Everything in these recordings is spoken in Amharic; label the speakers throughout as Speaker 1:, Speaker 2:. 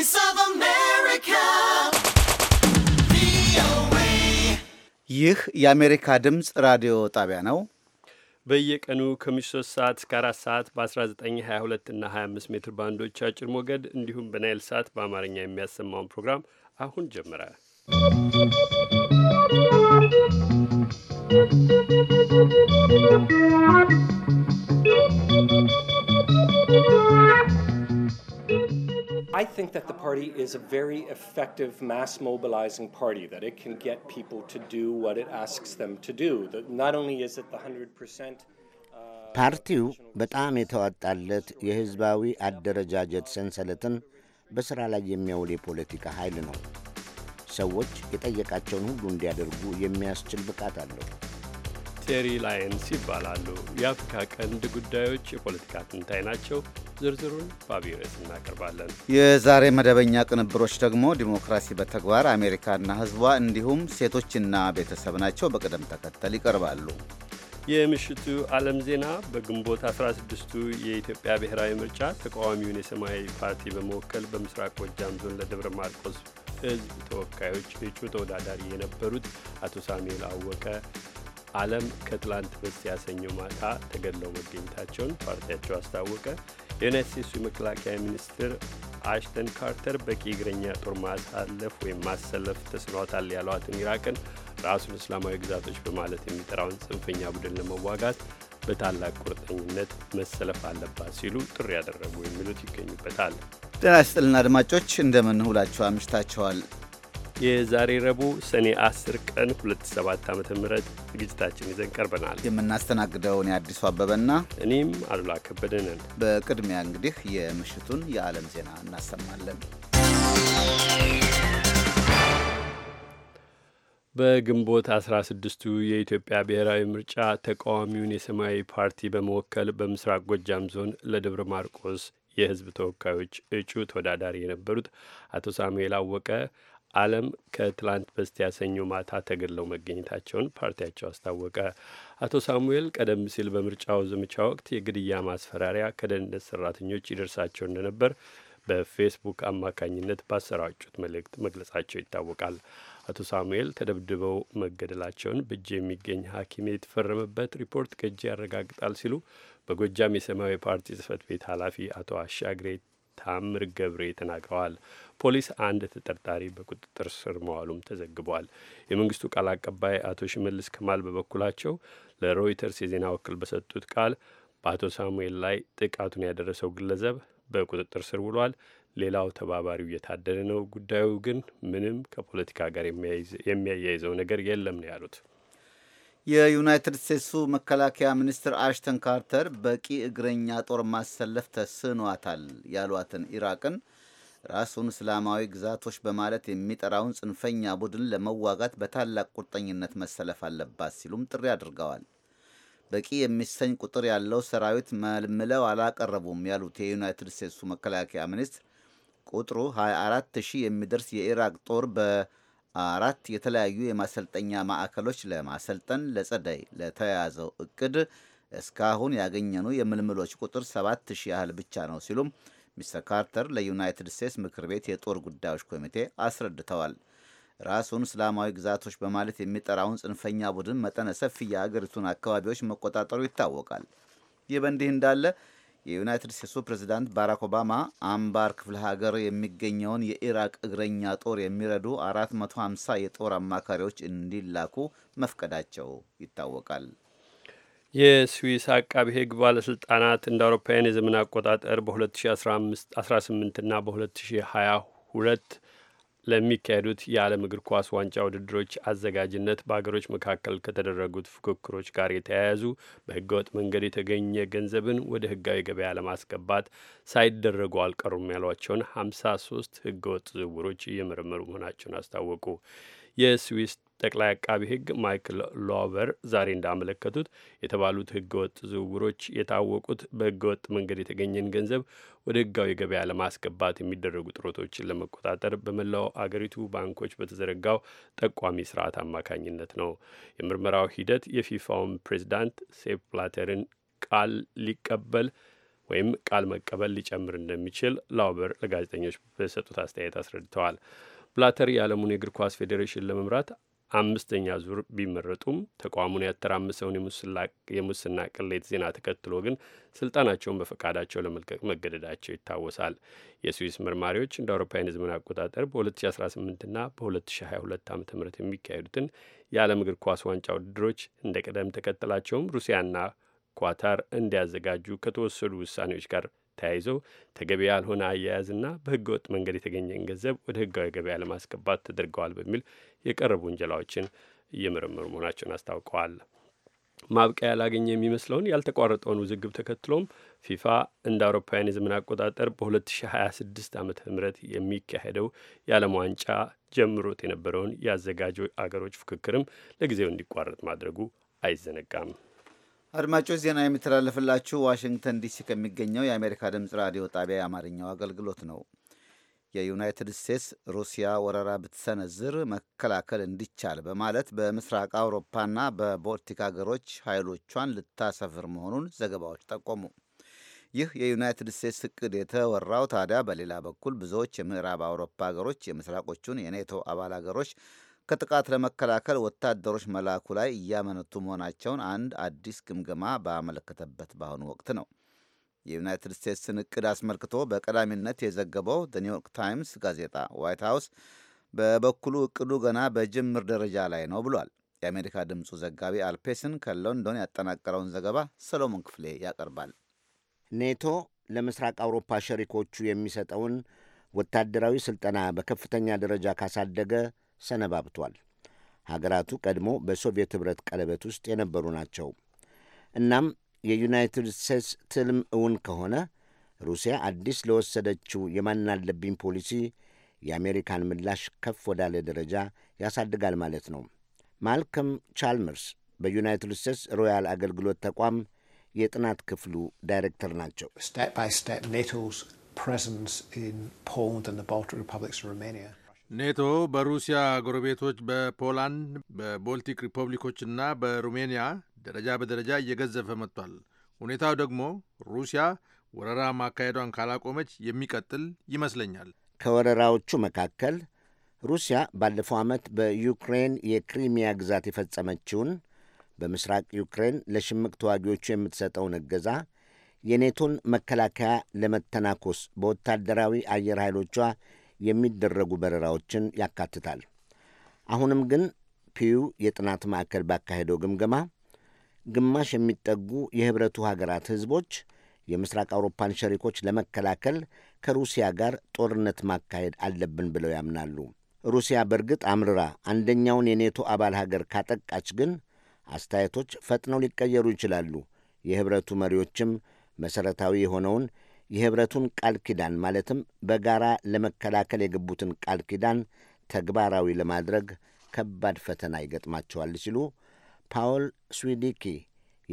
Speaker 1: Voice of America.
Speaker 2: ይህ የአሜሪካ ድምፅ ራዲዮ ጣቢያ ነው።
Speaker 3: በየቀኑ ከምሽቱ 3 ሰዓት እስከ 4 ሰዓት በ1922 እና 25 ሜትር ባንዶች አጭር ሞገድ እንዲሁም በናይል ሰዓት በአማርኛ የሚያሰማውን ፕሮግራም አሁን ጀመረ።
Speaker 4: ¶¶ I think that the party is a very effective mass mobilizing party, that it can get
Speaker 5: people to do what it asks them to do. That not only is it the 100%.
Speaker 6: ፓርቲው በጣም የተዋጣለት የሕዝባዊ አደረጃጀት ሰንሰለትን በሥራ ላይ የሚያውል የፖለቲካ ኃይል ነው። ሰዎች የጠየቃቸውን ሁሉ እንዲያደርጉ የሚያስችል ብቃት አለው።
Speaker 3: ቴሪ ላይንስ ይባላሉ። የአፍሪካ ቀንድ ጉዳዮች የፖለቲካ ትንታይ ናቸው። ዝርዝሩን በአብይ እናቀርባለን።
Speaker 2: የዛሬ መደበኛ ቅንብሮች ደግሞ ዲሞክራሲ በተግባር አሜሪካና ሕዝቧ እንዲሁም ሴቶችና ቤተሰብ ናቸው። በቅደም ተከተል ይቀርባሉ።
Speaker 3: የምሽቱ ዓለም ዜና በግንቦት 16ቱ የኢትዮጵያ ብሔራዊ ምርጫ ተቃዋሚውን የሰማያዊ ፓርቲ በመወከል በምስራቅ ጎጃም ዞን ለደብረ ማርቆስ ህዝብ ተወካዮች እጩ ተወዳዳሪ የነበሩት አቶ ሳሙኤል አወቀ አለም ከትላንት በስቲያ ሰኞ ማታ ተገድለው መገኘታቸውን ፓርቲያቸው አስታወቀ። የዩናይት ስቴትሱ የመከላከያ ሚኒስትር አሽተን ካርተር በቂ እግረኛ ጦር ማሳለፍ ወይም ማሰለፍ ተስኗታል ያሏትን ኢራቅን ራሱን እስላማዊ ግዛቶች በማለት የሚጠራውን ጽንፈኛ ቡድን ለመዋጋት በታላቅ ቁርጠኝነት መሰለፍ አለባት ሲሉ ጥሪ ያደረጉ የሚሉት ይገኙበታል።
Speaker 2: ጤና ይስጥልና አድማጮች እንደምን ውላችሁ አምሽታችኋል።
Speaker 3: የዛሬ ረቡዕ ሰኔ 10 ቀን 2007 ዓ ም ዝግጅታችን ይዘን ቀርበናል።
Speaker 2: የምናስተናግደው እኔ አዲሱ አበበና እኔም
Speaker 3: አሉላ ከበደ ነን።
Speaker 2: በቅድሚያ እንግዲህ የምሽቱን የዓለም ዜና
Speaker 7: እናሰማለን።
Speaker 3: በግንቦት 16ቱ የኢትዮጵያ ብሔራዊ ምርጫ ተቃዋሚውን የሰማያዊ ፓርቲ በመወከል በምስራቅ ጎጃም ዞን ለደብረ ማርቆስ የህዝብ ተወካዮች እጩ ተወዳዳሪ የነበሩት አቶ ሳሙኤል አወቀ፣ አለም ከትላንት በስቲያ ሰኞ ማታ ተገድለው መገኘታቸውን ፓርቲያቸው አስታወቀ። አቶ ሳሙኤል ቀደም ሲል በምርጫው ዘመቻ ወቅት የግድያ ማስፈራሪያ ከደህንነት ሰራተኞች ይደርሳቸው እንደነበር በፌስቡክ አማካኝነት ባሰራጩት መልእክት መግለጻቸው ይታወቃል። አቶ ሳሙኤል ተደብድበው መገደላቸውን በእጅ የሚገኝ ሐኪም የተፈረመበት ሪፖርት ቅጂ ያረጋግጣል ሲሉ በጎጃም የሰማያዊ ፓርቲ ጽህፈት ቤት ኃላፊ አቶ አሻግሬ ታምር ገብሬ ተናግረዋል። ፖሊስ አንድ ተጠርጣሪ በቁጥጥር ስር መዋሉም ተዘግቧል። የመንግስቱ ቃል አቀባይ አቶ ሽመልስ ከማል በበኩላቸው ለሮይተርስ የዜና ወክል በሰጡት ቃል በአቶ ሳሙኤል ላይ ጥቃቱን ያደረሰው ግለሰብ በቁጥጥር ስር ውሏል። ሌላው ተባባሪው እየታደነ ነው። ጉዳዩ ግን ምንም ከፖለቲካ ጋር የሚያያይዘው ነገር የለም ነው ያሉት።
Speaker 2: የዩናይትድ ስቴትሱ መከላከያ ሚኒስትር አሽተን ካርተር በቂ እግረኛ ጦር ማሰለፍ ተስኗታል ያሏትን ኢራቅን ራሱን እስላማዊ ግዛቶች በማለት የሚጠራውን ጽንፈኛ ቡድን ለመዋጋት በታላቅ ቁርጠኝነት መሰለፍ አለባት ሲሉም ጥሪ አድርገዋል። በቂ የሚሰኝ ቁጥር ያለው ሰራዊት መልምለው አላቀረቡም ያሉት የዩናይትድ ስቴትሱ መከላከያ ሚኒስትር ቁጥሩ 24 ሺህ የሚደርስ የኢራቅ ጦር በአራት የተለያዩ የማሰልጠኛ ማዕከሎች ለማሰልጠን ለጸደይ ለተያያዘው እቅድ እስካሁን ያገኘኑ የምልምሎች ቁጥር 7 ሺህ ያህል ብቻ ነው ሲሉም ሚስተር ካርተር ለዩናይትድ ስቴትስ ምክር ቤት የጦር ጉዳዮች ኮሚቴ አስረድተዋል። ራሱን እስላማዊ ግዛቶች በማለት የሚጠራውን ጽንፈኛ ቡድን መጠነ ሰፊ የአገሪቱን አካባቢዎች መቆጣጠሩ ይታወቃል። ይህ በእንዲህ እንዳለ የዩናይትድ ስቴትሱ ፕሬዚዳንት ባራክ ኦባማ አምባር ክፍለ ሀገር የሚገኘውን የኢራቅ እግረኛ ጦር የሚረዱ 450 የጦር አማካሪዎች እንዲላኩ መፍቀዳቸው ይታወቃል።
Speaker 3: የስዊስ አቃቢ ሕግ ባለስልጣናት እንደ አውሮፓውያን የዘመን አቆጣጠር በ2018ና በ2022 ለሚካሄዱት የዓለም እግር ኳስ ዋንጫ ውድድሮች አዘጋጅነት በሀገሮች መካከል ከተደረጉት ፉክክሮች ጋር የተያያዙ በህገወጥ መንገድ የተገኘ ገንዘብን ወደ ህጋዊ ገበያ ለማስገባት ሳይደረጉ አልቀሩም ያሏቸውን 53 ህገወጥ ዝውውሮች እየመረመሩ መሆናቸውን አስታወቁ። የስዊስ ጠቅላይ አቃቢ ሕግ ማይክል ሎቨር ዛሬ እንዳመለከቱት የተባሉት ወጥ ዝውውሮች የታወቁት በህገወጥ መንገድ የተገኘን ገንዘብ ወደ ህጋዊ ገበያ ለማስገባት የሚደረጉ ጥረቶችን ለመቆጣጠር በመላው አገሪቱ ባንኮች በተዘረጋው ጠቋሚ ስርዓት አማካኝነት ነው። የምርመራው ሂደት የፊፋውን ፕሬዚዳንት ሴፕ ፕላተርን ቃል ሊቀበል ወይም ቃል መቀበል ሊጨምር እንደሚችል ላውበር ለጋዜጠኞች በሰጡት አስተያየት አስረድተዋል። ብላተር የዓለሙን የእግር ኳስ ፌዴሬሽን ለመምራት አምስተኛ ዙር ቢመረጡም ተቋሙን ያተራመሰውን የሙስና ቅሌት ዜና ተከትሎ ግን ስልጣናቸውን በፈቃዳቸው ለመልቀቅ መገደዳቸው ይታወሳል። የስዊስ መርማሪዎች እንደ አውሮፓውያን ዘመን አቆጣጠር በ2018ና በ2022 ዓ ም የሚካሄዱትን የዓለም እግር ኳስ ዋንጫ ውድድሮች እንደ ቅደም ተከተላቸውም ሩሲያና ኳታር እንዲያዘጋጁ ከተወሰዱ ውሳኔዎች ጋር ተያይዘው ተገቢ ያልሆነ አያያዝና በህገወጥ መንገድ የተገኘን ገንዘብ ወደ ህጋዊ ገበያ ለማስገባት ተደርገዋል በሚል የቀረቡ ውንጀላዎችን እየመረመሩ መሆናቸውን አስታውቀዋል። ማብቂያ ያላገኘ የሚመስለውን ያልተቋረጠውን ውዝግብ ተከትሎም ፊፋ እንደ አውሮፓውያን የዘመን አቆጣጠር በ2026 ዓመተ ም የሚካሄደው የዓለም ዋንጫ ጀምሮት የነበረውን የአዘጋጅ አገሮች ፍክክርም ለጊዜው እንዲቋረጥ ማድረጉ አይዘነጋም።
Speaker 2: አድማጮች ዜና የሚተላለፍላችሁ ዋሽንግተን ዲሲ ከሚገኘው የአሜሪካ ድምፅ ራዲዮ ጣቢያ የአማርኛው አገልግሎት ነው። የዩናይትድ ስቴትስ ሩሲያ ወረራ ብትሰነዝር መከላከል እንዲቻል በማለት በምስራቅ አውሮፓና በቦልቲክ አገሮች ኃይሎቿን ልታሰፍር መሆኑን ዘገባዎች ጠቆሙ። ይህ የዩናይትድ ስቴትስ እቅድ የተወራው ታዲያ በሌላ በኩል ብዙዎች የምዕራብ አውሮፓ አገሮች የምስራቆቹን የኔቶ አባል አገሮች ከጥቃት ለመከላከል ወታደሮች መላኩ ላይ እያመነቱ መሆናቸውን አንድ አዲስ ግምገማ ባመለከተበት በአሁኑ ወቅት ነው። የዩናይትድ ስቴትስን እቅድ አስመልክቶ በቀዳሚነት የዘገበው ኒውዮርክ ታይምስ ጋዜጣ ዋይት ሀውስ በበኩሉ እቅዱ ገና በጅምር ደረጃ ላይ ነው ብሏል። የአሜሪካ ድምፁ ዘጋቢ አልፔስን ከሎንዶን ያጠናቀረውን ዘገባ ሰሎሞን ክፍሌ ያቀርባል። ኔቶ ለምስራቅ አውሮፓ ሸሪኮቹ የሚሰጠውን
Speaker 6: ወታደራዊ ሥልጠና በከፍተኛ ደረጃ ካሳደገ ሰነባብቷል። ሀገራቱ ቀድሞ በሶቪየት ኅብረት ቀለበት ውስጥ የነበሩ ናቸው። እናም የዩናይትድ ስቴትስ ትልም እውን ከሆነ ሩሲያ አዲስ ለወሰደችው የማናለብኝ ፖሊሲ የአሜሪካን ምላሽ ከፍ ወዳለ ደረጃ ያሳድጋል ማለት ነው። ማልከም ቻልመርስ በዩናይትድ ስቴትስ ሮያል አገልግሎት ተቋም የጥናት ክፍሉ ዳይሬክተር ናቸው።
Speaker 5: ኔቶ በሩሲያ ጎረቤቶች በፖላንድ፣ በቦልቲክ ሪፐብሊኮችና በሩሜኒያ ደረጃ በደረጃ እየገዘፈ መጥቷል። ሁኔታው ደግሞ ሩሲያ ወረራ ማካሄዷን ካላቆመች የሚቀጥል ይመስለኛል።
Speaker 6: ከወረራዎቹ መካከል ሩሲያ ባለፈው ዓመት በዩክሬን የክሪሚያ ግዛት የፈጸመችውን በምስራቅ ዩክሬን ለሽምቅ ተዋጊዎቹ የምትሰጠውን እገዛ የኔቶን መከላከያ ለመተናኮስ በወታደራዊ አየር ኃይሎቿ የሚደረጉ በረራዎችን ያካትታል። አሁንም ግን ፒዩ የጥናት ማዕከል ባካሄደው ግምገማ ግማሽ የሚጠጉ የኅብረቱ ሀገራት ሕዝቦች የምስራቅ አውሮፓን ሸሪኮች ለመከላከል ከሩሲያ ጋር ጦርነት ማካሄድ አለብን ብለው ያምናሉ። ሩሲያ በእርግጥ አምርራ አንደኛውን የኔቶ አባል ሀገር ካጠቃች ግን አስተያየቶች ፈጥነው ሊቀየሩ ይችላሉ። የኅብረቱ መሪዎችም መሠረታዊ የሆነውን የኅብረቱን ቃል ኪዳን ማለትም በጋራ ለመከላከል የገቡትን ቃል ኪዳን ተግባራዊ ለማድረግ ከባድ ፈተና ይገጥማቸዋል ሲሉ ፓውል ስዊዲኪ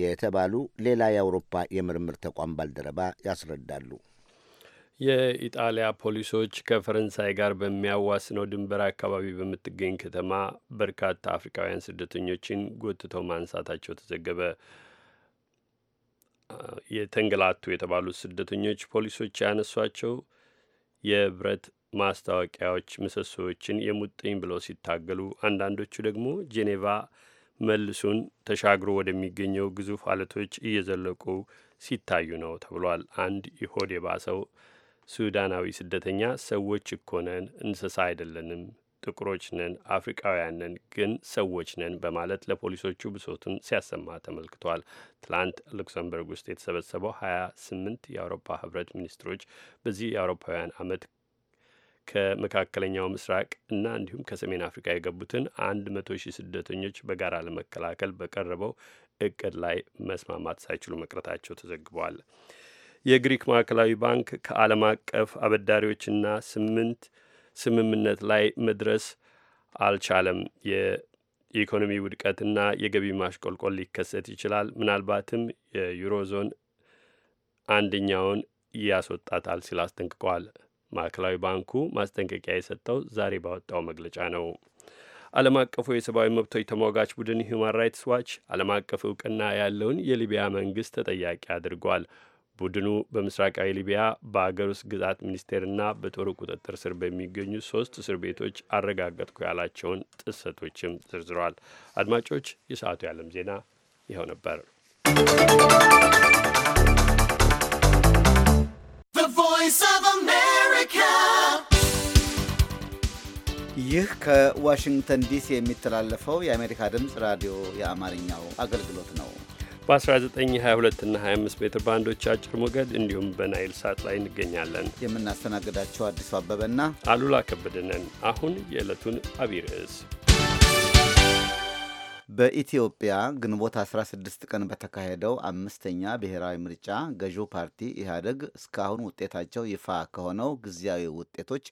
Speaker 6: የተባሉ ሌላ የአውሮፓ የምርምር ተቋም ባልደረባ ያስረዳሉ።
Speaker 3: የኢጣሊያ ፖሊሶች ከፈረንሳይ ጋር በሚያዋስነው ድንበር አካባቢ በምትገኝ ከተማ በርካታ አፍሪካውያን ስደተኞችን ጎትተው ማንሳታቸው ተዘገበ። የተንገላቱ የተባሉት ስደተኞች ፖሊሶች ያነሷቸው የብረት ማስታወቂያዎች ምሰሶዎችን የሙጥኝ ብለው ሲታገሉ፣ አንዳንዶቹ ደግሞ ጄኔቫ መልሱን ተሻግሮ ወደሚገኘው ግዙፍ አለቶች እየዘለቁ ሲታዩ ነው ተብሏል። አንድ ኢሆድ የባሰው ሱዳናዊ ስደተኛ ሰዎች እኮ ነን እንስሳ አይደለንም ጥቁሮች ነን፣ አፍሪቃውያን ነን፣ ግን ሰዎች ነን በማለት ለፖሊሶቹ ብሶቱን ሲያሰማ ተመልክቷል። ትላንት ሉክሰምበርግ ውስጥ የተሰበሰበው ሀያ ስምንት የአውሮፓ ህብረት ሚኒስትሮች በዚህ የአውሮፓውያን አመት ከመካከለኛው ምስራቅ እና እንዲሁም ከሰሜን አፍሪካ የገቡትን አንድ መቶ ሺህ ስደተኞች በጋራ ለመከላከል በቀረበው እቅድ ላይ መስማማት ሳይችሉ መቅረታቸው ተዘግቧል። የግሪክ ማዕከላዊ ባንክ ከዓለም አቀፍ አበዳሪዎችና ስምንት ስምምነት ላይ መድረስ አልቻለም። የኢኮኖሚ ውድቀትና የገቢ ማሽቆልቆል ሊከሰት ይችላል፣ ምናልባትም የዩሮ ዞን አንደኛውን ያስወጣታል ሲል አስጠንቅቀዋል። ማዕከላዊ ባንኩ ማስጠንቀቂያ የሰጠው ዛሬ ባወጣው መግለጫ ነው። ዓለም አቀፉ የሰብአዊ መብቶች ተሟጋች ቡድን ሂውማን ራይትስ ዋች ዓለም አቀፍ እውቅና ያለውን የሊቢያ መንግስት ተጠያቂ አድርጓል። ቡድኑ በምስራቃዊ ሊቢያ በአገር ውስጥ ግዛት ሚኒስቴርና በጦሩ ቁጥጥር ስር በሚገኙ ሶስት እስር ቤቶች አረጋገጥኩ ያላቸውን ጥሰቶችም ዘርዝረዋል። አድማጮች፣ የሰዓቱ የዓለም ዜና ይኸው ነበር።
Speaker 2: ይህ ከዋሽንግተን ዲሲ የሚተላለፈው የአሜሪካ ድምፅ ራዲዮ የአማርኛው አገልግሎት ነው።
Speaker 3: በ1922 እና 25 ሜትር ባንዶች አጭር ሞገድ እንዲሁም በናይል ሳት ላይ እንገኛለን። የምናስተናግዳቸው አዲሱ አበበና አሉላ ከበደነን። አሁን የዕለቱን አቢርዕስ ርዕስ
Speaker 2: በኢትዮጵያ ግንቦት 16 ቀን በተካሄደው አምስተኛ ብሔራዊ ምርጫ ገዢው ፓርቲ ኢህአደግ እስካሁን ውጤታቸው ይፋ ከሆነው ጊዜያዊ ውጤቶች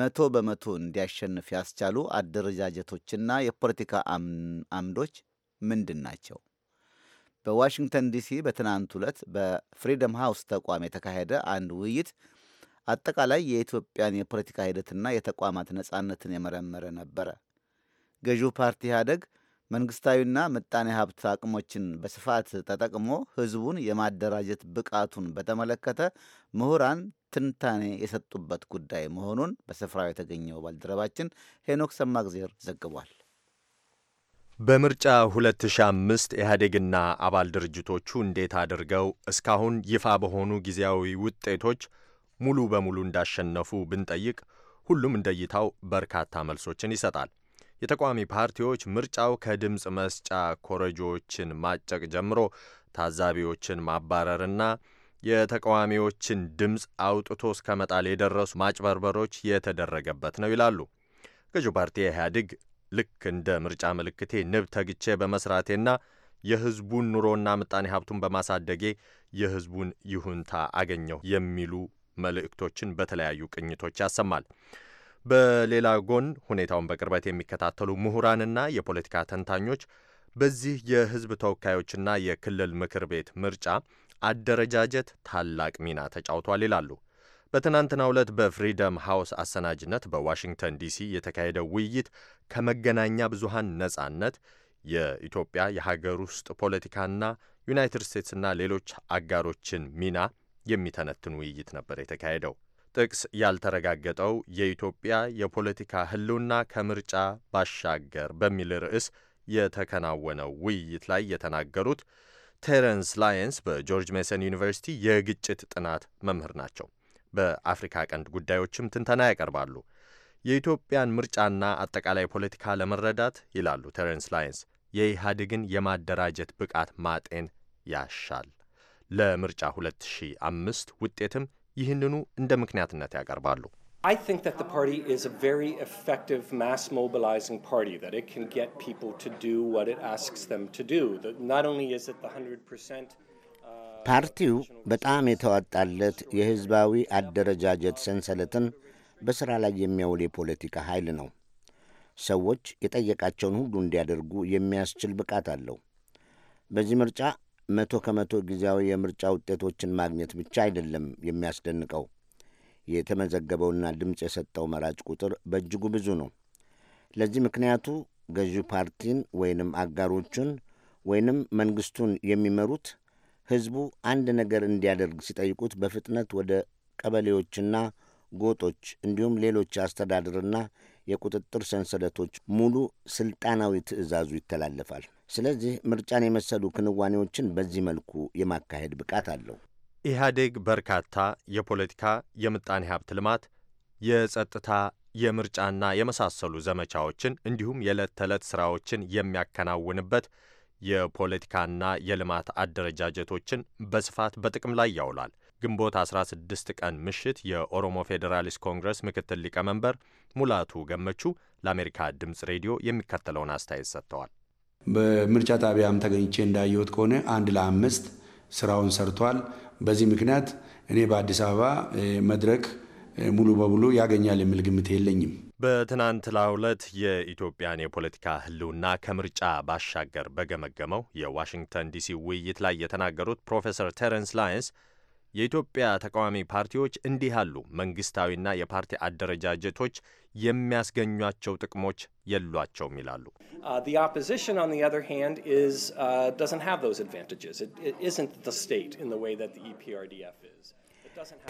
Speaker 2: መቶ በመቶ እንዲያሸንፍ ያስቻሉ አደረጃጀቶችና የፖለቲካ አምዶች ምንድን ናቸው? በዋሽንግተን ዲሲ በትናንት ዕለት በፍሪደም ሃውስ ተቋም የተካሄደ አንድ ውይይት አጠቃላይ የኢትዮጵያን የፖለቲካ ሂደትና የተቋማት ነጻነትን የመረመረ ነበረ። ገዢው ፓርቲ ኢህአደግ መንግስታዊና ምጣኔ ሀብት አቅሞችን በስፋት ተጠቅሞ ህዝቡን የማደራጀት ብቃቱን በተመለከተ ምሁራን ትንታኔ የሰጡበት ጉዳይ መሆኑን በስፍራው የተገኘው ባልደረባችን ሄኖክ ሰማግዜር ዘግቧል።
Speaker 5: በምርጫ 2005 ኢህአዴግና አባል ድርጅቶቹ እንዴት አድርገው እስካሁን ይፋ በሆኑ ጊዜያዊ ውጤቶች ሙሉ በሙሉ እንዳሸነፉ ብንጠይቅ ሁሉም እንደይታው በርካታ መልሶችን ይሰጣል። የተቃዋሚ ፓርቲዎች ምርጫው ከድምፅ መስጫ ኮረጆዎችን ማጨቅ ጀምሮ ታዛቢዎችን ማባረርና የተቃዋሚዎችን ድምፅ አውጥቶ እስከ መጣል የደረሱ ማጭበርበሮች የተደረገበት ነው ይላሉ። ገዢው ፓርቲ ኢህአዴግ ልክ እንደ ምርጫ ምልክቴ ንብ ተግቼ በመስራቴና የህዝቡን ኑሮና ምጣኔ ሀብቱን በማሳደጌ የህዝቡን ይሁንታ አገኘሁ የሚሉ መልእክቶችን በተለያዩ ቅኝቶች ያሰማል። በሌላ ጎን ሁኔታውን በቅርበት የሚከታተሉ ምሁራንና የፖለቲካ ተንታኞች በዚህ የህዝብ ተወካዮችና የክልል ምክር ቤት ምርጫ አደረጃጀት ታላቅ ሚና ተጫውቷል ይላሉ። በትናንትናው ዕለት በፍሪደም ሃውስ አሰናጅነት በዋሽንግተን ዲሲ የተካሄደው ውይይት ከመገናኛ ብዙሃን ነጻነት፣ የኢትዮጵያ የሀገር ውስጥ ፖለቲካና ዩናይትድ ስቴትስና ሌሎች አጋሮችን ሚና የሚተነትን ውይይት ነበር የተካሄደው። ጥቅስ ያልተረጋገጠው የኢትዮጵያ የፖለቲካ ህልውና ከምርጫ ባሻገር በሚል ርዕስ የተከናወነው ውይይት ላይ የተናገሩት ቴረንስ ላየንስ በጆርጅ ሜሰን ዩኒቨርሲቲ የግጭት ጥናት መምህር ናቸው። በአፍሪካ ቀንድ ጉዳዮችም ትንተና ያቀርባሉ። የኢትዮጵያን ምርጫና አጠቃላይ ፖለቲካ ለመረዳት ይላሉ ቴረንስ ላይንስ፣ የኢህአዴግን የማደራጀት ብቃት ማጤን ያሻል። ለምርጫ 2005 ውጤትም ይህንኑ እንደ ምክንያትነት ያቀርባሉ። I think that the party is a very effective mass mobilizing party, that it can get people to do what it asks them to do. That not only is it the 100%.
Speaker 6: ፓርቲው በጣም የተዋጣለት የሕዝባዊ አደረጃጀት ሰንሰለትን በሥራ ላይ የሚያውል የፖለቲካ ኃይል ነው። ሰዎች የጠየቃቸውን ሁሉ እንዲያደርጉ የሚያስችል ብቃት አለው። በዚህ ምርጫ መቶ ከመቶ ጊዜያዊ የምርጫ ውጤቶችን ማግኘት ብቻ አይደለም የሚያስደንቀው። የተመዘገበውና ድምፅ የሰጠው መራጭ ቁጥር በእጅጉ ብዙ ነው። ለዚህ ምክንያቱ ገዢው ፓርቲን ወይንም አጋሮቹን ወይንም መንግስቱን የሚመሩት ሕዝቡ አንድ ነገር እንዲያደርግ ሲጠይቁት በፍጥነት ወደ ቀበሌዎችና ጎጦች እንዲሁም ሌሎች የአስተዳደርና የቁጥጥር ሰንሰለቶች ሙሉ ስልጣናዊ ትዕዛዙ ይተላለፋል። ስለዚህ ምርጫን የመሰሉ ክንዋኔዎችን በዚህ መልኩ የማካሄድ ብቃት አለው።
Speaker 5: ኢህአዴግ በርካታ የፖለቲካ የምጣኔ ሀብት ልማት፣ የጸጥታ፣ የምርጫና የመሳሰሉ ዘመቻዎችን እንዲሁም የዕለት ተዕለት ሥራዎችን የሚያከናውንበት የፖለቲካና የልማት አደረጃጀቶችን በስፋት በጥቅም ላይ ያውላል። ግንቦት 16 ቀን ምሽት የኦሮሞ ፌዴራሊስት ኮንግረስ ምክትል ሊቀመንበር ሙላቱ ገመቹ ለአሜሪካ ድምፅ ሬዲዮ የሚከተለውን አስተያየት ሰጥተዋል።
Speaker 7: በምርጫ ጣቢያም ተገኝቼ እንዳየሁት ከሆነ አንድ ለአምስት ስራውን ሰርቷል። በዚህ ምክንያት እኔ በአዲስ አበባ መድረክ ሙሉ በሙሉ ያገኛል የሚል ግምት የለኝም።
Speaker 5: በትናንትናው ዕለት የኢትዮጵያን የፖለቲካ ህልውና ከምርጫ ባሻገር በገመገመው የዋሽንግተን ዲሲ ውይይት ላይ የተናገሩት ፕሮፌሰር ቴረንስ ላየንስ የኢትዮጵያ ተቃዋሚ ፓርቲዎች እንዲህ ያሉ መንግስታዊና የፓርቲ አደረጃጀቶች የሚያስገኟቸው ጥቅሞች የሏቸውም ይላሉ። uh,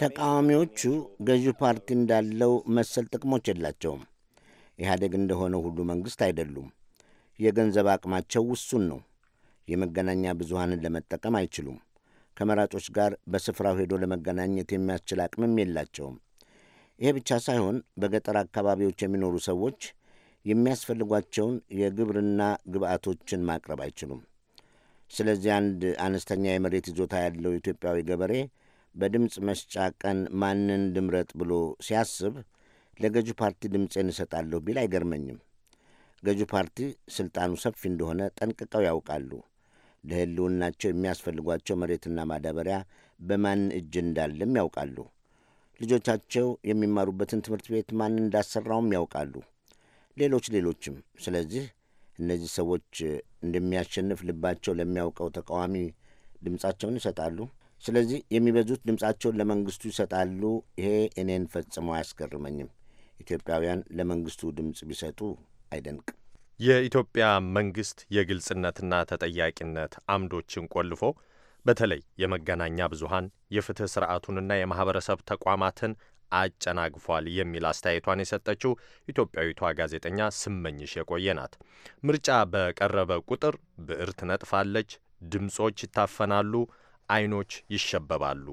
Speaker 6: ተቃዋሚዎቹ ገዢው ፓርቲ እንዳለው መሰል ጥቅሞች የላቸውም። ኢህአዴግ እንደሆነ ሁሉ መንግሥት አይደሉም። የገንዘብ አቅማቸው ውሱን ነው። የመገናኛ ብዙሃንን ለመጠቀም አይችሉም። ከመራጮች ጋር በስፍራው ሄዶ ለመገናኘት የሚያስችል አቅምም የላቸውም። ይሄ ብቻ ሳይሆን በገጠር አካባቢዎች የሚኖሩ ሰዎች የሚያስፈልጓቸውን የግብርና ግብአቶችን ማቅረብ አይችሉም። ስለዚህ አንድ አነስተኛ የመሬት ይዞታ ያለው ኢትዮጵያዊ ገበሬ በድምፅ መስጫ ቀን ማንን ልምረጥ ብሎ ሲያስብ ለገዢ ፓርቲ ድምፄን እሰጣለሁ ቢል አይገርመኝም። ገዢ ፓርቲ ስልጣኑ ሰፊ እንደሆነ ጠንቅቀው ያውቃሉ። ለህልውናቸው የሚያስፈልጓቸው መሬትና ማዳበሪያ በማን እጅ እንዳለም ያውቃሉ። ልጆቻቸው የሚማሩበትን ትምህርት ቤት ማን እንዳሰራውም ያውቃሉ። ሌሎች ሌሎችም። ስለዚህ እነዚህ ሰዎች እንደሚያሸንፍ ልባቸው ለሚያውቀው ተቃዋሚ ድምፃቸውን ይሰጣሉ። ስለዚህ የሚበዙት ድምፃቸውን ለመንግስቱ ይሰጣሉ። ይሄ እኔን ፈጽሞ አያስገርመኝም። ኢትዮጵያውያን ለመንግስቱ ድምፅ ቢሰጡ አይደንቅም።
Speaker 5: የኢትዮጵያ መንግስት የግልጽነትና ተጠያቂነት አምዶችን ቆልፎ በተለይ የመገናኛ ብዙሃን የፍትህ ስርዓቱንና የማኅበረሰብ ተቋማትን አጨናግፏል የሚል አስተያየቷን የሰጠችው ኢትዮጵያዊቷ ጋዜጠኛ ስመኝሽ የቆየ ናት። ምርጫ በቀረበ ቁጥር ብዕር ትነጥፋለች፣ ድምጾች ይታፈናሉ፣ አይኖች ይሸበባሉ።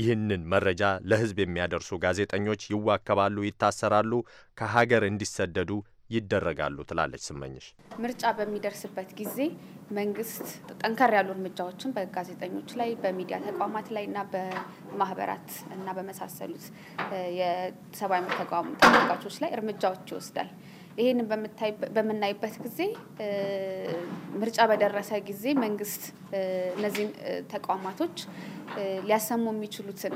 Speaker 5: ይህንን መረጃ ለሕዝብ የሚያደርሱ ጋዜጠኞች ይዋከባሉ፣ ይታሰራሉ፣ ከሀገር እንዲሰደዱ ይደረጋሉ ትላለች ስመኝሽ።
Speaker 8: ምርጫ በሚደርስበት ጊዜ መንግስት ጠንከር ያሉ እርምጃዎችን በጋዜጠኞች ላይ በሚዲያ ተቋማት ላይ እና በማህበራት እና በመሳሰሉት የሰብአዊ መብት ተሟጋቾች ላይ እርምጃዎች ይወስዳል። ይህንን በምናይበት ጊዜ ምርጫ በደረሰ ጊዜ መንግስት እነዚህን ተቋማቶች ሊያሰሙ የሚችሉትን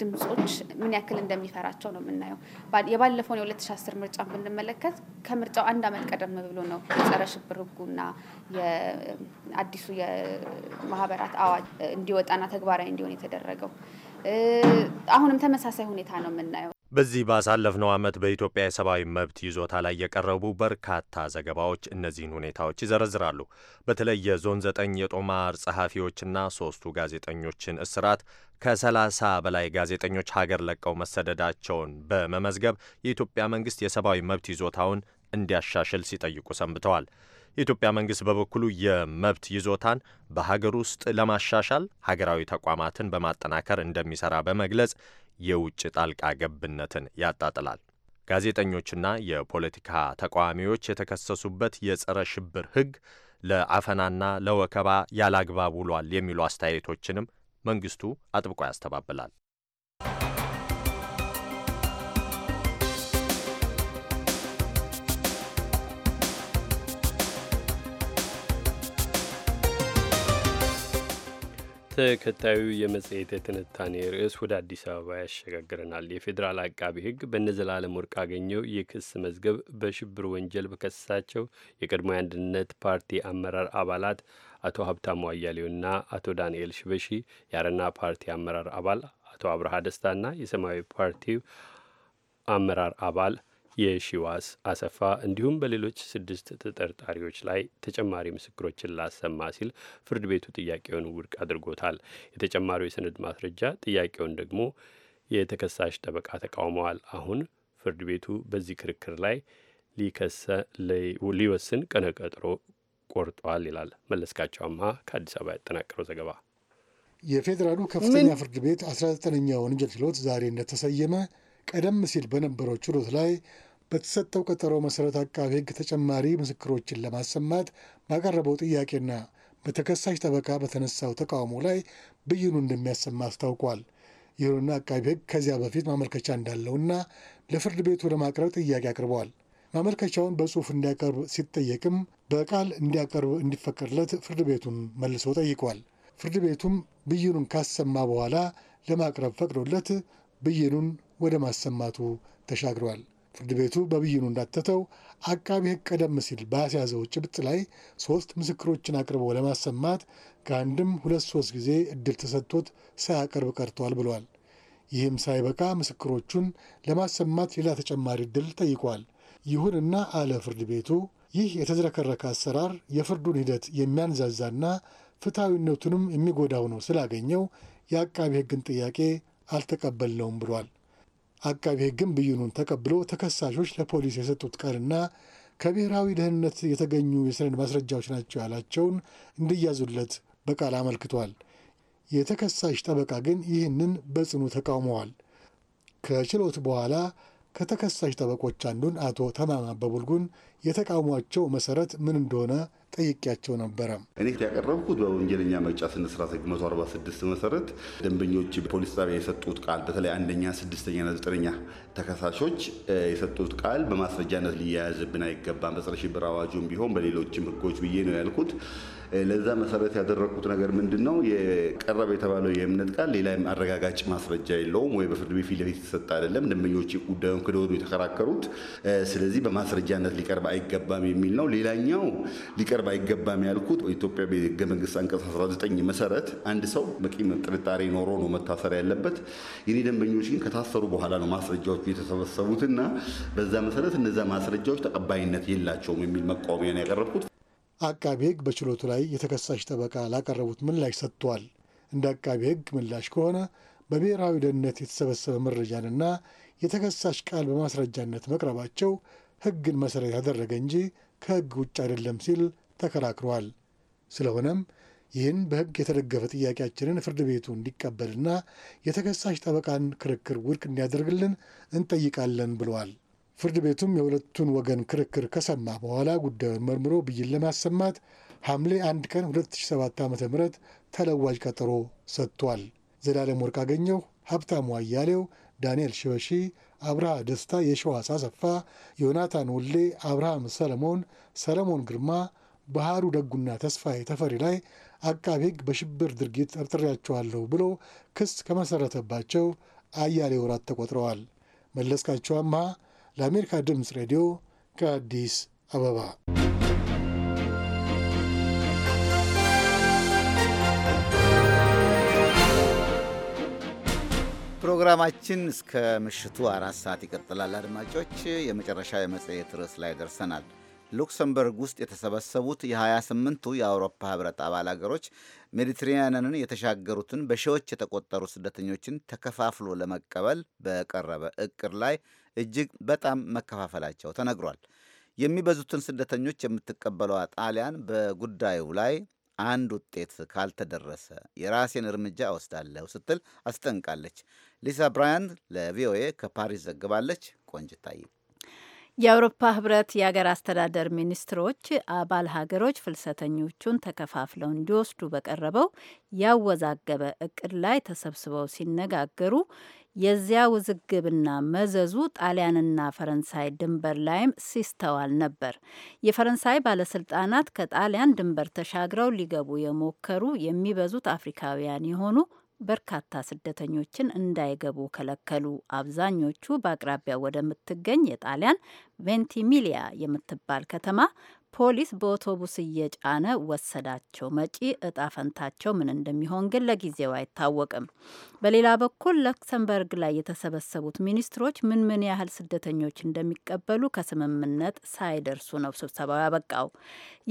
Speaker 8: ድምጾች ምን ያክል እንደሚፈራቸው ነው የምናየው። የባለፈውን የ2010 ምርጫ ብንመለከት ከምርጫው አንድ ዓመት ቀደም ብሎ ነው የጸረ ሽብር ሕጉና የአዲሱ የማህበራት አዋጅ እንዲወጣና ተግባራዊ እንዲሆን የተደረገው። አሁንም ተመሳሳይ ሁኔታ ነው የምናየው።
Speaker 5: በዚህ ባሳለፍነው ዓመት በኢትዮጵያ የሰብአዊ መብት ይዞታ ላይ የቀረቡ በርካታ ዘገባዎች እነዚህን ሁኔታዎች ይዘረዝራሉ። በተለይ የዞን ዘጠኝ የጦማር ጸሐፊዎችና ሶስቱ ጋዜጠኞችን እስራት ከሰላሳ በላይ ጋዜጠኞች ሀገር ለቀው መሰደዳቸውን በመመዝገብ የኢትዮጵያ መንግስት የሰብአዊ መብት ይዞታውን እንዲያሻሽል ሲጠይቁ ሰንብተዋል። የኢትዮጵያ መንግስት በበኩሉ የመብት ይዞታን በሀገር ውስጥ ለማሻሻል ሀገራዊ ተቋማትን በማጠናከር እንደሚሰራ በመግለጽ የውጭ ጣልቃ ገብነትን ያጣጥላል። ጋዜጠኞችና የፖለቲካ ተቃዋሚዎች የተከሰሱበት የጸረ ሽብር ሕግ ለአፈናና ለወከባ ያላግባብ ውሏል የሚሉ አስተያየቶችንም መንግስቱ አጥብቆ ያስተባብላል።
Speaker 3: ተከታዩ የመጽሔት የትንታኔ ርዕስ ወደ አዲስ አበባ ያሸጋግረናል። የፌዴራል አቃቢ ሕግ በእነ ዘላለም ወርቅ አገኘው የክስ መዝገብ በሽብር ወንጀል በከሰሳቸው የቀድሞ አንድነት ፓርቲ አመራር አባላት አቶ ሀብታሙ አያሌውና አቶ ዳንኤል ሽበሺ፣ የአረና ፓርቲ አመራር አባል አቶ አብርሃ ደስታና የሰማያዊ ፓርቲው አመራር አባል የሺዋስ አሰፋ እንዲሁም በሌሎች ስድስት ተጠርጣሪዎች ላይ ተጨማሪ ምስክሮችን ላሰማ ሲል ፍርድ ቤቱ ጥያቄውን ውድቅ አድርጎታል። የተጨማሪው የሰነድ ማስረጃ ጥያቄውን ደግሞ የተከሳሽ ጠበቃ ተቃውመዋል። አሁን ፍርድ ቤቱ በዚህ ክርክር ላይ ሊወስን ቀነ ቆርጧል ይላል። መለስካቸው ከአዲስ አበባ ያጠናቀረው ዘገባ።
Speaker 9: የፌዴራሉ ከፍተኛ ፍርድ ቤት 19ኛ ወንጀል ችሎት ዛሬ እንደተሰየመ ቀደም ሲል በነበረው ችሎት ላይ በተሰጠው ቀጠሮ መሠረት አቃቤ ሕግ ተጨማሪ ምስክሮችን ለማሰማት ባቀረበው ጥያቄና በተከሳሽ ጠበቃ በተነሳው ተቃውሞ ላይ ብይኑ እንደሚያሰማ አስታውቋል። ይሁንና አቃቢ ሕግ ከዚያ በፊት ማመልከቻ እንዳለውና ለፍርድ ቤቱ ለማቅረብ ጥያቄ አቅርበዋል። ማመልከቻውን በጽሑፍ እንዲያቀርብ ሲጠየቅም በቃል እንዲያቀርብ እንዲፈቀድለት ፍርድ ቤቱን መልሶ ጠይቋል። ፍርድ ቤቱም ብይኑን ካሰማ በኋላ ለማቅረብ ፈቅዶለት ብይኑን ወደ ማሰማቱ ተሻግሯል። ፍርድ ቤቱ በብይኑ እንዳተተው አቃቢ ሕግ ቀደም ሲል ባስያዘው ጭብጥ ላይ ሶስት ምስክሮችን አቅርቦ ለማሰማት ከአንድም ሁለት ሶስት ጊዜ እድል ተሰጥቶት ሳያቀርብ ቀርቷል ብሏል። ይህም ሳይበቃ ምስክሮቹን ለማሰማት ሌላ ተጨማሪ እድል ጠይቋል። ይሁንና አለ ፍርድ ቤቱ ይህ የተዝረከረከ አሰራር የፍርዱን ሂደት የሚያንዛዛና ፍትሐዊነቱንም የሚጎዳው ነው ስላገኘው የአቃቢ ሕግን ጥያቄ አልተቀበልነውም ብሏል። አቃቢ ሕግም ብይኑን ተቀብሎ ተከሳሾች ለፖሊስ የሰጡት ቃልና ከብሔራዊ ደህንነት የተገኙ የሰነድ ማስረጃዎች ናቸው ያላቸውን እንዲያዙለት በቃል አመልክቷል። የተከሳሽ ጠበቃ ግን ይህንን በጽኑ ተቃውመዋል። ከችሎት በኋላ ከተከሳሽ ጠበቆች አንዱን አቶ ተማማ በቡልጉን የተቃውሟቸው መሰረት ምን እንደሆነ ጠይቄያቸው ነበረ።
Speaker 3: እኔ ያቀረብኩት በወንጀለኛ መቅጫ ስነ ስርዓት ህግ 146 መሰረት ደንበኞች ፖሊስ ጣቢያ የሰጡት ቃል በተለይ አንደኛ፣ ስድስተኛና ዘጠነኛ ተከሳሾች የሰጡት ቃል በማስረጃነት ሊያያዝብን አይገባም በጸረ ሽብር አዋጁም ቢሆን በሌሎችም ህጎች ብዬ ነው ያልኩት። ለዛ መሰረት ያደረግኩት ነገር ምንድን ነው? የቀረበ የተባለው የእምነት ቃል ሌላ አረጋጋጭ ማስረጃ የለውም ወይ በፍርድ ቤት ፊት ለፊት የተሰጠ አይደለም። ደንበኞች ጉዳዩን ክደው የተከራከሩት። ስለዚህ በማስረጃነት ሊቀርብ አይገባም የሚል ነው። ሌላኛው ሊቀርብ አይገባም ያልኩት በኢትዮጵያ በህገ መንግስት አንቀጽ 19 መሰረት አንድ ሰው በቂ ጥርጣሬ ኖሮ ነው መታሰር ያለበት። የኔ ደንበኞች ግን ከታሰሩ በኋላ ነው ማስረጃዎቹ የተሰበሰቡትና በዛ መሰረት እነዛ ማስረጃዎች ተቀባይነት የላቸውም የሚል መቃወሚያ ነው ያቀረብኩት።
Speaker 9: አቃቢ ህግ በችሎቱ ላይ የተከሳሽ ጠበቃ ላቀረቡት ምላሽ ሰጥቷል። እንደ አቃቢ ህግ ምላሽ ከሆነ በብሔራዊ ደህንነት የተሰበሰበ መረጃንና የተከሳሽ ቃል በማስረጃነት መቅረባቸው ህግን መሠረት ያደረገ እንጂ ከህግ ውጭ አይደለም ሲል ተከራክሯል። ስለሆነም ይህን በህግ የተደገፈ ጥያቄያችንን ፍርድ ቤቱ እንዲቀበልና የተከሳሽ ጠበቃን ክርክር ውድቅ እንዲያደርግልን እንጠይቃለን ብለዋል። ፍርድ ቤቱም የሁለቱን ወገን ክርክር ከሰማ በኋላ ጉዳዩን መርምሮ ብይን ለማሰማት ሐምሌ አንድ ቀን 2007 ዓ ም ተለዋጅ ቀጠሮ ሰጥቷል። ዘላለም ወርቅ አገኘሁ፣ ሀብታሙ አያሌው፣ ዳንኤል ሽበሺ አብርሃ ደስታ፣ የሸዋስ አሰፋ፣ ዮናታን ወሌ፣ አብርሃም ሰለሞን፣ ሰለሞን ግርማ፣ ባህሩ ደጉና ተስፋዬ ተፈሪ ላይ አቃቤ ሕግ በሽብር ድርጊት ጠርጥሬያቸዋለሁ ብሎ ክስ ከመሠረተባቸው አያሌ ወራት ተቆጥረዋል። መለስካቸው አምሃ ለአሜሪካ ድምፅ ሬዲዮ ከአዲስ አበባ
Speaker 2: ፕሮግራማችን እስከ ምሽቱ አራት ሰዓት ይቀጥላል። አድማጮች፣ የመጨረሻ የመጽሔት ርዕስ ላይ ደርሰናል። ሉክሰምበርግ ውስጥ የተሰበሰቡት የ28ቱ የአውሮፓ ህብረት አባል አገሮች ሜዲትሪያንን የተሻገሩትን በሺዎች የተቆጠሩ ስደተኞችን ተከፋፍሎ ለመቀበል በቀረበ እቅድ ላይ እጅግ በጣም መከፋፈላቸው ተነግሯል። የሚበዙትን ስደተኞች የምትቀበለዋ ጣሊያን በጉዳዩ ላይ አንድ ውጤት ካልተደረሰ የራሴን እርምጃ እወስዳለሁ ስትል አስጠንቃለች። ሊሳ ብራያን ለቪኦኤ ከፓሪስ ዘግባለች። ቆንጅታዬ
Speaker 8: የአውሮፓ ህብረት የአገር አስተዳደር ሚኒስትሮች አባል ሀገሮች ፍልሰተኞቹን ተከፋፍለው እንዲወስዱ በቀረበው ያወዛገበ እቅድ ላይ ተሰብስበው ሲነጋገሩ የዚያ ውዝግብና መዘዙ ጣሊያንና ፈረንሳይ ድንበር ላይም ሲስተዋል ነበር። የፈረንሳይ ባለስልጣናት ከጣሊያን ድንበር ተሻግረው ሊገቡ የሞከሩ የሚበዙት አፍሪካውያን የሆኑ በርካታ ስደተኞችን እንዳይገቡ ከለከሉ። አብዛኞቹ በአቅራቢያው ወደምትገኝ የጣሊያን ቬንቲሚሊያ የምትባል ከተማ ፖሊስ በአውቶቡስ እየጫነ ወሰዳቸው። መጪ እጣ ፈንታቸው ምን እንደሚሆን ግን ለጊዜው አይታወቅም። በሌላ በኩል ለክሰምበርግ ላይ የተሰበሰቡት ሚኒስትሮች ምን ምን ያህል ስደተኞች እንደሚቀበሉ ከስምምነት ሳይደርሱ ነው ስብሰባው ያበቃው።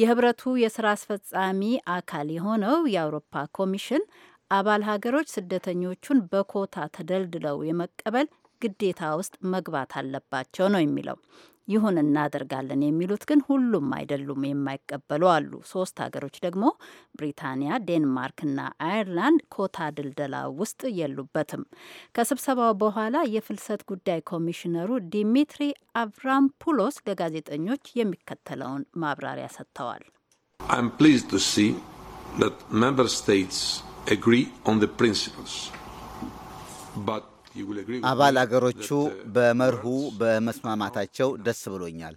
Speaker 8: የህብረቱ የስራ አስፈጻሚ አካል የሆነው የአውሮፓ ኮሚሽን አባል ሀገሮች ስደተኞቹን በኮታ ተደልድለው የመቀበል ግዴታ ውስጥ መግባት አለባቸው ነው የሚለው። ይሁን እናደርጋለን የሚሉት ግን ሁሉም አይደሉም። የማይቀበሉ አሉ። ሶስት ሀገሮች ደግሞ ብሪታንያ፣ እና አየርላንድ ኮታ ድልደላ ውስጥ የሉበትም። ከስብሰባው በኋላ የፍልሰት ጉዳይ ኮሚሽነሩ ዲሚትሪ አቭራምፑሎስ ለጋዜጠኞች የሚከተለውን ማብራሪያ ሰጥተዋል።
Speaker 4: agree
Speaker 9: on the principles, but አባል አገሮቹ uh,
Speaker 2: በመርሁ በመስማማታቸው ደስ ብሎኛል።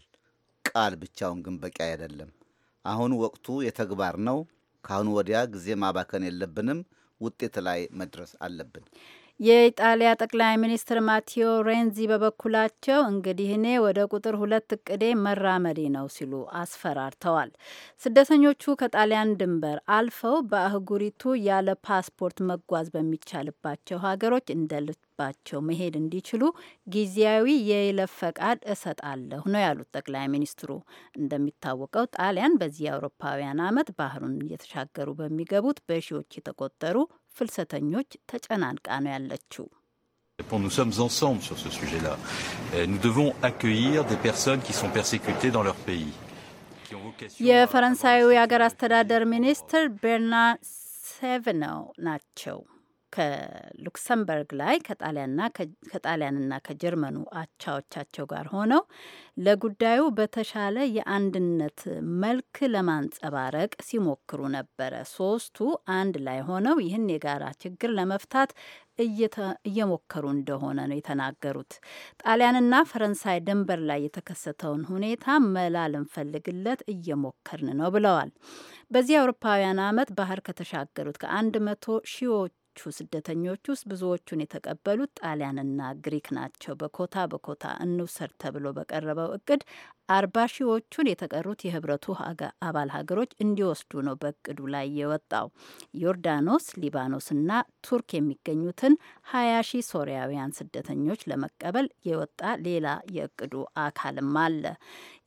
Speaker 2: ቃል ብቻውን ግን በቂ አይደለም። አሁን ወቅቱ የተግባር ነው። ከአሁኑ ወዲያ ጊዜ ማባከን የለብንም። ውጤት ላይ መድረስ አለብን።
Speaker 8: የኢጣሊያ ጠቅላይ ሚኒስትር ማቴዎ ሬንዚ በበኩላቸው እንግዲህ እኔ ወደ ቁጥር ሁለት እቅዴ መራመዴ ነው ሲሉ አስፈራርተዋል። ስደተኞቹ ከጣሊያን ድንበር አልፈው በአህጉሪቱ ያለ ፓስፖርት መጓዝ በሚቻልባቸው ሀገሮች እንደልባቸው መሄድ እንዲችሉ ጊዜያዊ የይለፍ ፈቃድ እሰጣለሁ ነው ያሉት ጠቅላይ ሚኒስትሩ። እንደሚታወቀው ጣሊያን በዚህ የአውሮፓውያን አመት ባህሩን እየተሻገሩ በሚገቡት በሺዎች የተቆጠሩ ፍልሰተኞች ተጨናንቃ ነው ያለችው።
Speaker 4: Nous sommes ensemble sur ce sujet-là.
Speaker 5: Nous devons accueillir des personnes qui sont persécutées dans leur pays.
Speaker 8: የፈረንሳዩ የሀገር አስተዳደር ሚኒስትር ቤርናር ሴቭነው ናቸው። ከሉክሰምበርግ ላይ ከጣሊያንና ከጀርመኑ አቻዎቻቸው ጋር ሆነው ለጉዳዩ በተሻለ የአንድነት መልክ ለማንጸባረቅ ሲሞክሩ ነበረ። ሶስቱ አንድ ላይ ሆነው ይህን የጋራ ችግር ለመፍታት እየሞከሩ እንደሆነ ነው የተናገሩት። ጣሊያንና ፈረንሳይ ድንበር ላይ የተከሰተውን ሁኔታ መላ ልንፈልግለት እየሞከርን ነው ብለዋል። በዚህ አውሮፓውያን ዓመት ባህር ከተሻገሩት ከአንድ መቶ ሺዎች ስደተኞች ውስጥ ብዙዎቹን የተቀበሉት ጣሊያንና ግሪክ ናቸው። በኮታ በኮታ እንውሰድ ተብሎ በቀረበው እቅድ አርባ ሺዎቹን የተቀሩት የህብረቱ አባል ሀገሮች እንዲወስዱ ነው በእቅዱ ላይ የወጣው። ዮርዳኖስ፣ ሊባኖስና ቱርክ የሚገኙትን ሀያ ሺህ ሶሪያውያን ስደተኞች ለመቀበል የወጣ ሌላ የእቅዱ አካልም አለ።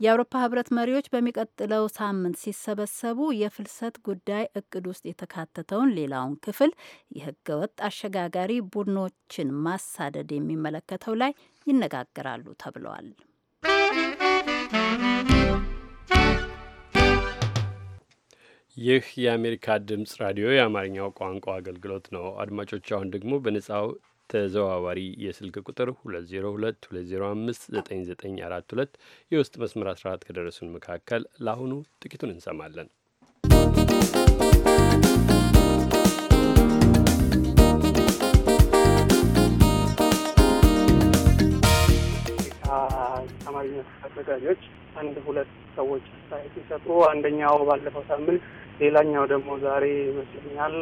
Speaker 8: የአውሮፓ ህብረት መሪዎች በሚቀጥለው ሳምንት ሲሰበሰቡ የፍልሰት ጉዳይ እቅድ ውስጥ የተካተተውን ሌላውን ክፍል የህገወጥ አሸጋጋሪ ቡድኖችን ማሳደድ የሚመለከተው ላይ ይነጋገራሉ ተብለዋል።
Speaker 3: ይህ የአሜሪካ ድምፅ ራዲዮ የአማርኛው ቋንቋ አገልግሎት ነው። አድማጮች አሁን ደግሞ በነጻው ተዘዋዋሪ የስልክ ቁጥር 2022059942 የውስጥ መስመር 14 ከደረሱን መካከል ለአሁኑ ጥቂቱን እንሰማለን።
Speaker 7: አዘጋጆች አንድ ሁለት ሰዎች አስተያየት ሲሰጡ፣ አንደኛው ባለፈው ሳምንት፣ ሌላኛው ደግሞ ዛሬ ይመስለኛል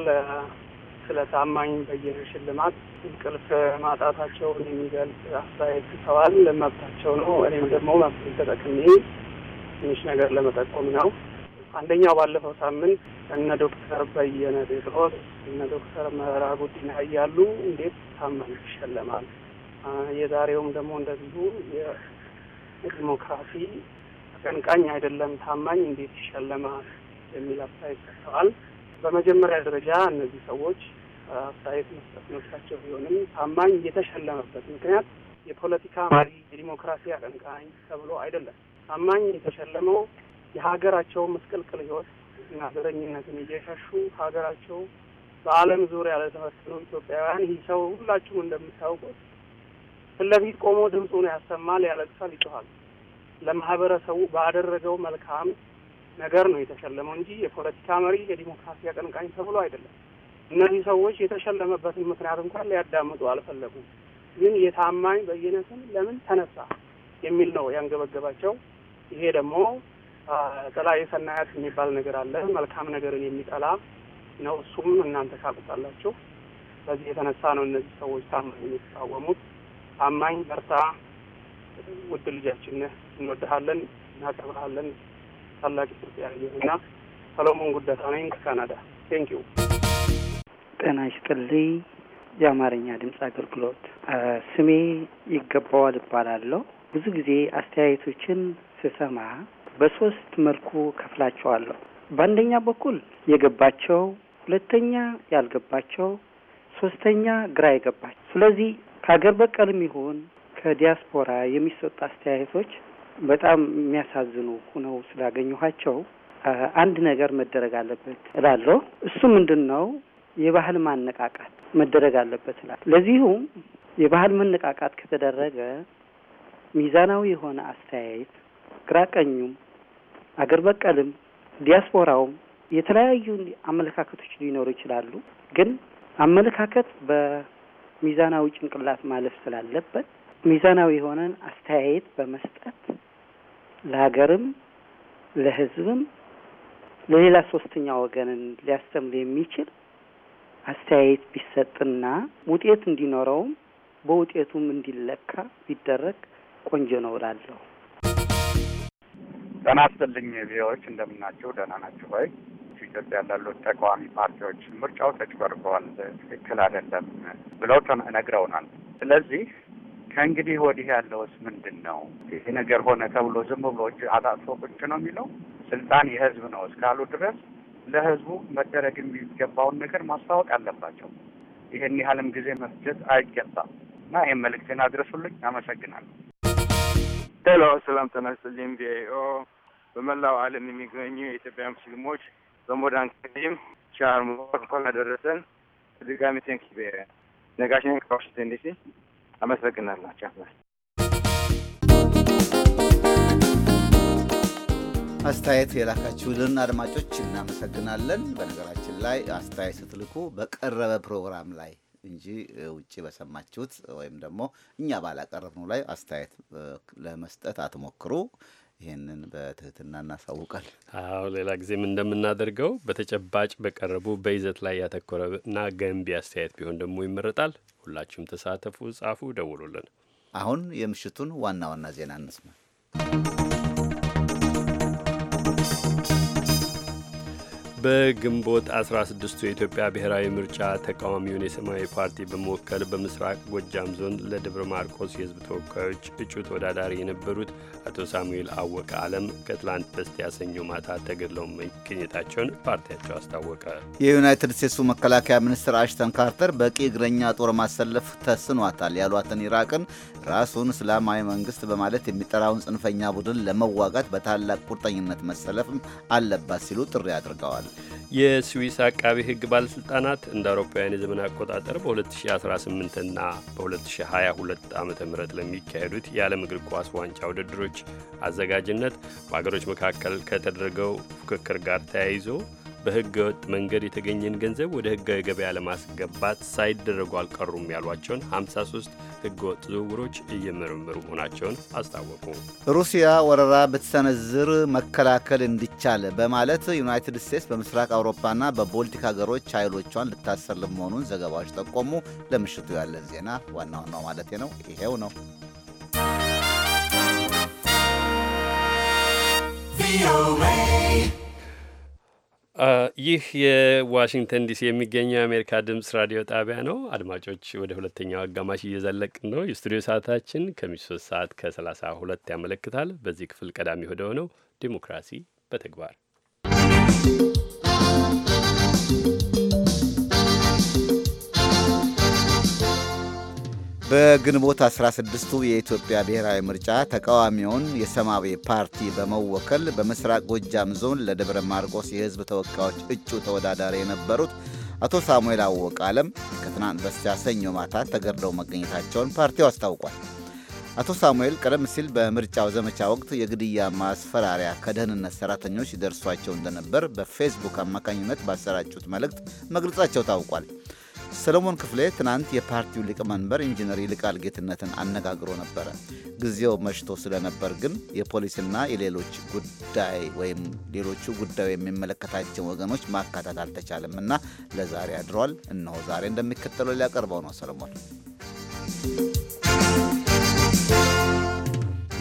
Speaker 7: ስለ ታማኝ በየነ ሽልማት እንቅልፍ ማጣታቸውን የሚገልጽ አስተያየት ሰዋል። መብታቸው ነው። እኔም ደግሞ መብት ተጠቅሜ ትንሽ ነገር ለመጠቆም ነው። አንደኛው ባለፈው ሳምንት እነ ዶክተር በየነ ጴጥሮስ እነ ዶክተር መረራ ጉዲና እያሉ እንዴት ታመን ይሸለማል? የዛሬውም ደግሞ እንደዚሁ ዲሞክራሲ አቀንቃኝ አይደለም ታማኝ እንዴት ይሸለማል የሚል አስተያየት ሰጥተዋል። በመጀመሪያ ደረጃ እነዚህ ሰዎች አስተያየት መስጠት መብታቸው ቢሆንም ታማኝ የተሸለመበት ምክንያት የፖለቲካ መሪ፣ የዲሞክራሲ አቀንቃኝ ተብሎ አይደለም። ታማኝ የተሸለመው የሀገራቸው ምስቅልቅል ህይወት እና ዘረኝነትን እየሸሹ ሀገራቸው በዓለም ዙሪያ ለተበተኑ ኢትዮጵያውያን ይህ ሰው ሁላችሁም እንደምታውቁት ፊት ለፊት ቆሞ ድምፁን ያሰማል፣ ያለቅሳል፣ ይጮኋል። ለማህበረሰቡ ባደረገው መልካም ነገር ነው የተሸለመው እንጂ የፖለቲካ መሪ፣ የዲሞክራሲ አቀንቃኝ ተብሎ አይደለም። እነዚህ ሰዎች የተሸለመበትን ምክንያት እንኳን ሊያዳምጡ አልፈለጉም። ግን የታማኝ በየነ ስም ለምን ተነሳ የሚል ነው ያንገበገባቸው። ይሄ ደግሞ ጥላ የሰናያት የሚባል ነገር አለ። መልካም ነገርን የሚጠላ ነው። እሱም እናንተ ካቁጣላችሁ። በዚህ የተነሳ ነው እነዚህ ሰዎች ታማኝ የሚቃወሙት። አማኝ በርታ፣ ውድ ልጃችን እንወድሃለን፣ እናከብርሃለን። ታላቅ ኢትዮጵያ እና ሰሎሞን ጉደታ ነኝ ከካናዳ። ቴንክ ዩ።
Speaker 10: ጤና ይስጥልኝ የአማርኛ ድምፅ አገልግሎት። ስሜ ይገባዋል እባላለሁ። ብዙ ጊዜ አስተያየቶችን ስሰማ በሶስት መልኩ ከፍላቸዋለሁ። በአንደኛ በኩል የገባቸው፣ ሁለተኛ ያልገባቸው፣ ሶስተኛ ግራ የገባቸው። ስለዚህ ከሀገር በቀልም ይሁን ከዲያስፖራ የሚሰጡ አስተያየቶች በጣም የሚያሳዝኑ ሆነው ስላገኘኋቸው አንድ ነገር መደረግ አለበት እላለሁ። እሱ ምንድን ነው? የባህል ማነቃቃት መደረግ አለበት እላለሁ። ለዚሁም የባህል መነቃቃት ከተደረገ ሚዛናዊ የሆነ አስተያየት ግራ ቀኙም፣ አገር በቀልም፣ ዲያስፖራውም የተለያዩ አመለካከቶች ሊኖሩ ይችላሉ። ግን አመለካከት በ ሚዛናዊ ጭንቅላት ማለፍ ስላለበት ሚዛናዊ የሆነን አስተያየት በመስጠት ለሀገርም ለሕዝብም ለሌላ ሶስተኛ ወገንን ሊያስተምር የሚችል አስተያየት ቢሰጥና ውጤት እንዲኖረውም በውጤቱም እንዲለካ ቢደረግ
Speaker 7: ቆንጆ ነው እላለሁ። ጤና ይስጥልኝ ቪዎች እንደምናችሁ፣ ደህና ናችሁ ሆይ? በኢትዮጵያ ላሉት ተቃዋሚ ፓርቲዎች ምርጫው ተጭበርበዋል፣ ትክክል አይደለም ብለው ነግረውናል። ስለዚህ ከእንግዲህ ወዲህ ያለውስ ምንድን ነው? ይህ ነገር ሆነ ተብሎ ዝም ብሎ እጅ አጣጥፎ ቁጭ ነው የሚለው ስልጣን የህዝብ ነው እስካሉ ድረስ ለህዝቡ መደረግ የሚገባውን ነገር ማስታወቅ አለባቸው። ይህን ያህልም ጊዜ መፍጀት አይገባም እና ይህን መልእክቴን አድረሱልኝ። አመሰግናለሁ። ሄሎ፣ ሰላም ጤና ይስጥልኝ። በመላው ዓለም የሚገኙ የኢትዮጵያ ሙስሊሞች ዘንቦዳን ከዚህም ሻርሞ እንኳን አደረሰን። ድጋሚ ቴንክ ነጋሽን ከዋሽንግተን ዲሲ አመሰግናለሁ። ቻፍላል
Speaker 2: አስተያየት የላካችሁልን አድማጮች እናመሰግናለን። በነገራችን ላይ አስተያየት ስትልኩ በቀረበ ፕሮግራም ላይ እንጂ ውጭ በሰማችሁት ወይም ደግሞ እኛ ባላቀረብነው ላይ አስተያየት ለመስጠት አትሞክሩ። ይህንን በትህትና እናሳውቃል።
Speaker 3: አዎ ሌላ ጊዜም እንደምናደርገው በተጨባጭ በቀረቡ በይዘት ላይ ያተኮረ እና ገንቢ አስተያየት ቢሆን ደግሞ ይመረጣል። ሁላችሁም ተሳተፉ፣ ጻፉ፣ ደውሉልን። አሁን የምሽቱን ዋና ዋና ዜና እንስማ። በግንቦት 16ቱ የኢትዮጵያ ብሔራዊ ምርጫ ተቃዋሚውን የሰማያዊ ፓርቲ በመወከል በምስራቅ ጎጃም ዞን ለደብረ ማርቆስ የህዝብ ተወካዮች እጩ ተወዳዳሪ የነበሩት አቶ ሳሙኤል አወቀ አለም ከትላንት በስቲያ ሰኞ ማታ ተገድለው መገኘታቸውን ፓርቲያቸው አስታወቀ።
Speaker 2: የዩናይትድ ስቴትሱ መከላከያ ሚኒስትር አሽተን ካርተር በቂ እግረኛ ጦር ማሰለፍ ተስኗታል ያሏትን ኢራቅን ራሱን እስላማዊ መንግስት በማለት የሚጠራውን ጽንፈኛ ቡድን ለመዋጋት በታላቅ ቁርጠኝነት መሰለፍም
Speaker 3: አለባት ሲሉ ጥሪ አድርገዋል። የስዊስ አቃቢ ህግ ባለሥልጣናት እንደ አውሮፓውያን የዘመን አቆጣጠር በ2018 እና በ2022 ዓ ም ለሚካሄዱት የዓለም እግር ኳስ ዋንጫ ውድድሮች አዘጋጅነት በሀገሮች መካከል ከተደረገው ፉክክር ጋር ተያይዞ በህገ ወጥ መንገድ የተገኘን ገንዘብ ወደ ህጋዊ ገበያ ለማስገባት ሳይደረጉ አልቀሩም ያሏቸውን 53 ህገ ወጥ ዝውውሮች እየመረመሩ መሆናቸውን አስታወቁ።
Speaker 2: ሩሲያ ወረራ ብትሰነዝር መከላከል እንዲቻል በማለት ዩናይትድ ስቴትስ በምስራቅ አውሮፓና በቦልቲክ ሀገሮች ኃይሎቿን ልታሰልም መሆኑን ዘገባዎች ጠቆሙ። ለምሽቱ ያለን ዜና ዋና ዋናው ማለት ነው ይሄው ነው።
Speaker 3: ይህ የዋሽንግተን ዲሲ የሚገኘው የአሜሪካ ድምጽ ራዲዮ ጣቢያ ነው። አድማጮች ወደ ሁለተኛው አጋማሽ እየዘለቅን ነው። የስቱዲዮ ሰዓታችን ከምሽቱ ሶስት ሰዓት ከሰላሳ ሁለት ያመለክታል። በዚህ ክፍል ቀዳሚ ወደ ሆነው ዲሞክራሲ በተግባር
Speaker 2: በግንቦት 16ቱ የኢትዮጵያ ብሔራዊ ምርጫ ተቃዋሚውን የሰማያዊ ፓርቲ በመወከል በምስራቅ ጎጃም ዞን ለደብረ ማርቆስ የሕዝብ ተወካዮች እጩ ተወዳዳሪ የነበሩት አቶ ሳሙኤል አወቀ አለም ከትናንት በስቲያ ሰኞ ማታ ተገድለው መገኘታቸውን ፓርቲው አስታውቋል። አቶ ሳሙኤል ቀደም ሲል በምርጫው ዘመቻ ወቅት የግድያ ማስፈራሪያ ከደህንነት ሰራተኞች ደርሷቸው እንደነበር በፌስቡክ አማካኝነት ባሰራጩት መልእክት መግለጻቸው ታውቋል። ሰለሞን ክፍሌ ትናንት የፓርቲው ሊቀመንበር ኢንጂነር ይልቃል ጌትነትን አነጋግሮ ነበረ። ጊዜው መሽቶ ስለነበር ግን የፖሊስና የሌሎች ጉዳይ ወይም ሌሎቹ ጉዳዩ የሚመለከታቸው ወገኖች ማካተት አልተቻለም እና ለዛሬ አድሯል። እነሆ ዛሬ እንደሚከተለው ሊያቀርበው ነው። ሰለሞን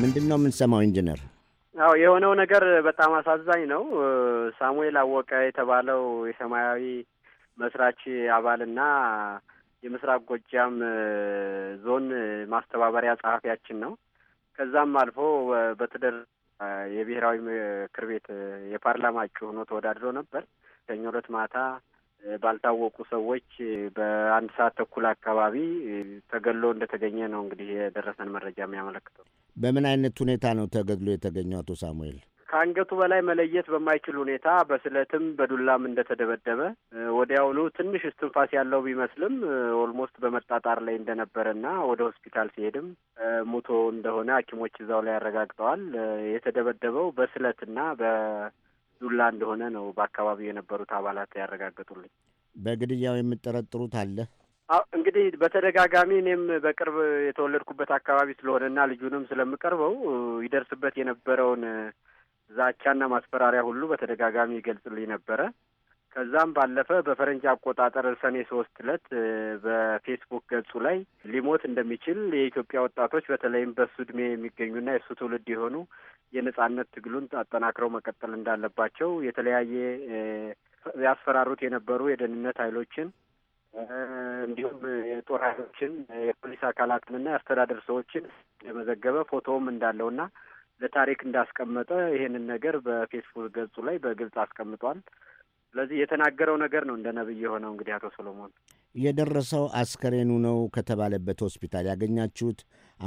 Speaker 6: ምንድን ነው የምንሰማው? ኢንጂነር
Speaker 11: አዎ የሆነው ነገር በጣም አሳዛኝ ነው። ሳሙኤል አወቀ የተባለው የሰማያዊ መስራች አባልና የምስራቅ ጎጃም ዞን ማስተባበሪያ ጸሐፊያችን ነው። ከዛም አልፎ በትደር የብሔራዊ ምክር ቤት የፓርላማ እጩ ሆኖ ተወዳድሮ ነበር። ሰኞ ዕለት ማታ ባልታወቁ ሰዎች በአንድ ሰዓት ተኩል አካባቢ ተገሎ እንደተገኘ ነው እንግዲህ የደረሰን መረጃ የሚያመለክተው።
Speaker 6: በምን አይነት ሁኔታ ነው ተገድሎ የተገኘው አቶ ሳሙኤል?
Speaker 11: ከአንገቱ በላይ መለየት በማይችል ሁኔታ በስለትም በዱላም እንደተደበደበ ወዲያውኑ ትንሽ እስትንፋስ ያለው ቢመስልም ኦልሞስት በመጣጣር ላይ እንደነበረና ወደ ሆስፒታል ሲሄድም ሙቶ እንደሆነ ሐኪሞች እዛው ላይ ያረጋግጠዋል። የተደበደበው በስለትና በዱላ እንደሆነ ነው በአካባቢው የነበሩት አባላት ያረጋገጡልኝ።
Speaker 6: በግድያው የምጠረጥሩት አለ?
Speaker 11: እንግዲህ በተደጋጋሚ እኔም በቅርብ የተወለድኩበት አካባቢ ስለሆነና ልጁንም ስለምቀርበው ይደርስበት የነበረውን ዛቻና ማስፈራሪያ ሁሉ በተደጋጋሚ ይገልጽልኝ ነበረ። ከዛም ባለፈ በፈረንጅ አቆጣጠር ሰኔ ሶስት እለት በፌስቡክ ገጹ ላይ ሊሞት እንደሚችል የኢትዮጵያ ወጣቶች በተለይም በሱ እድሜ የሚገኙና የእሱ ትውልድ የሆኑ የነጻነት ትግሉን አጠናክረው መቀጠል እንዳለባቸው የተለያየ ያስፈራሩት የነበሩ የደህንነት ኃይሎችን እንዲሁም የጦር ኃይሎችን የፖሊስ አካላትንና የአስተዳደር ሰዎችን የመዘገበ ፎቶውም እንዳለውና ለታሪክ እንዳስቀመጠ ይሄንን ነገር በፌስቡክ ገጹ ላይ በግልጽ አስቀምጧል። ስለዚህ የተናገረው ነገር ነው እንደ ነብይ የሆነው። እንግዲህ አቶ ሰሎሞን
Speaker 6: የደረሰው አስከሬኑ ነው ከተባለበት ሆስፒታል ያገኛችሁት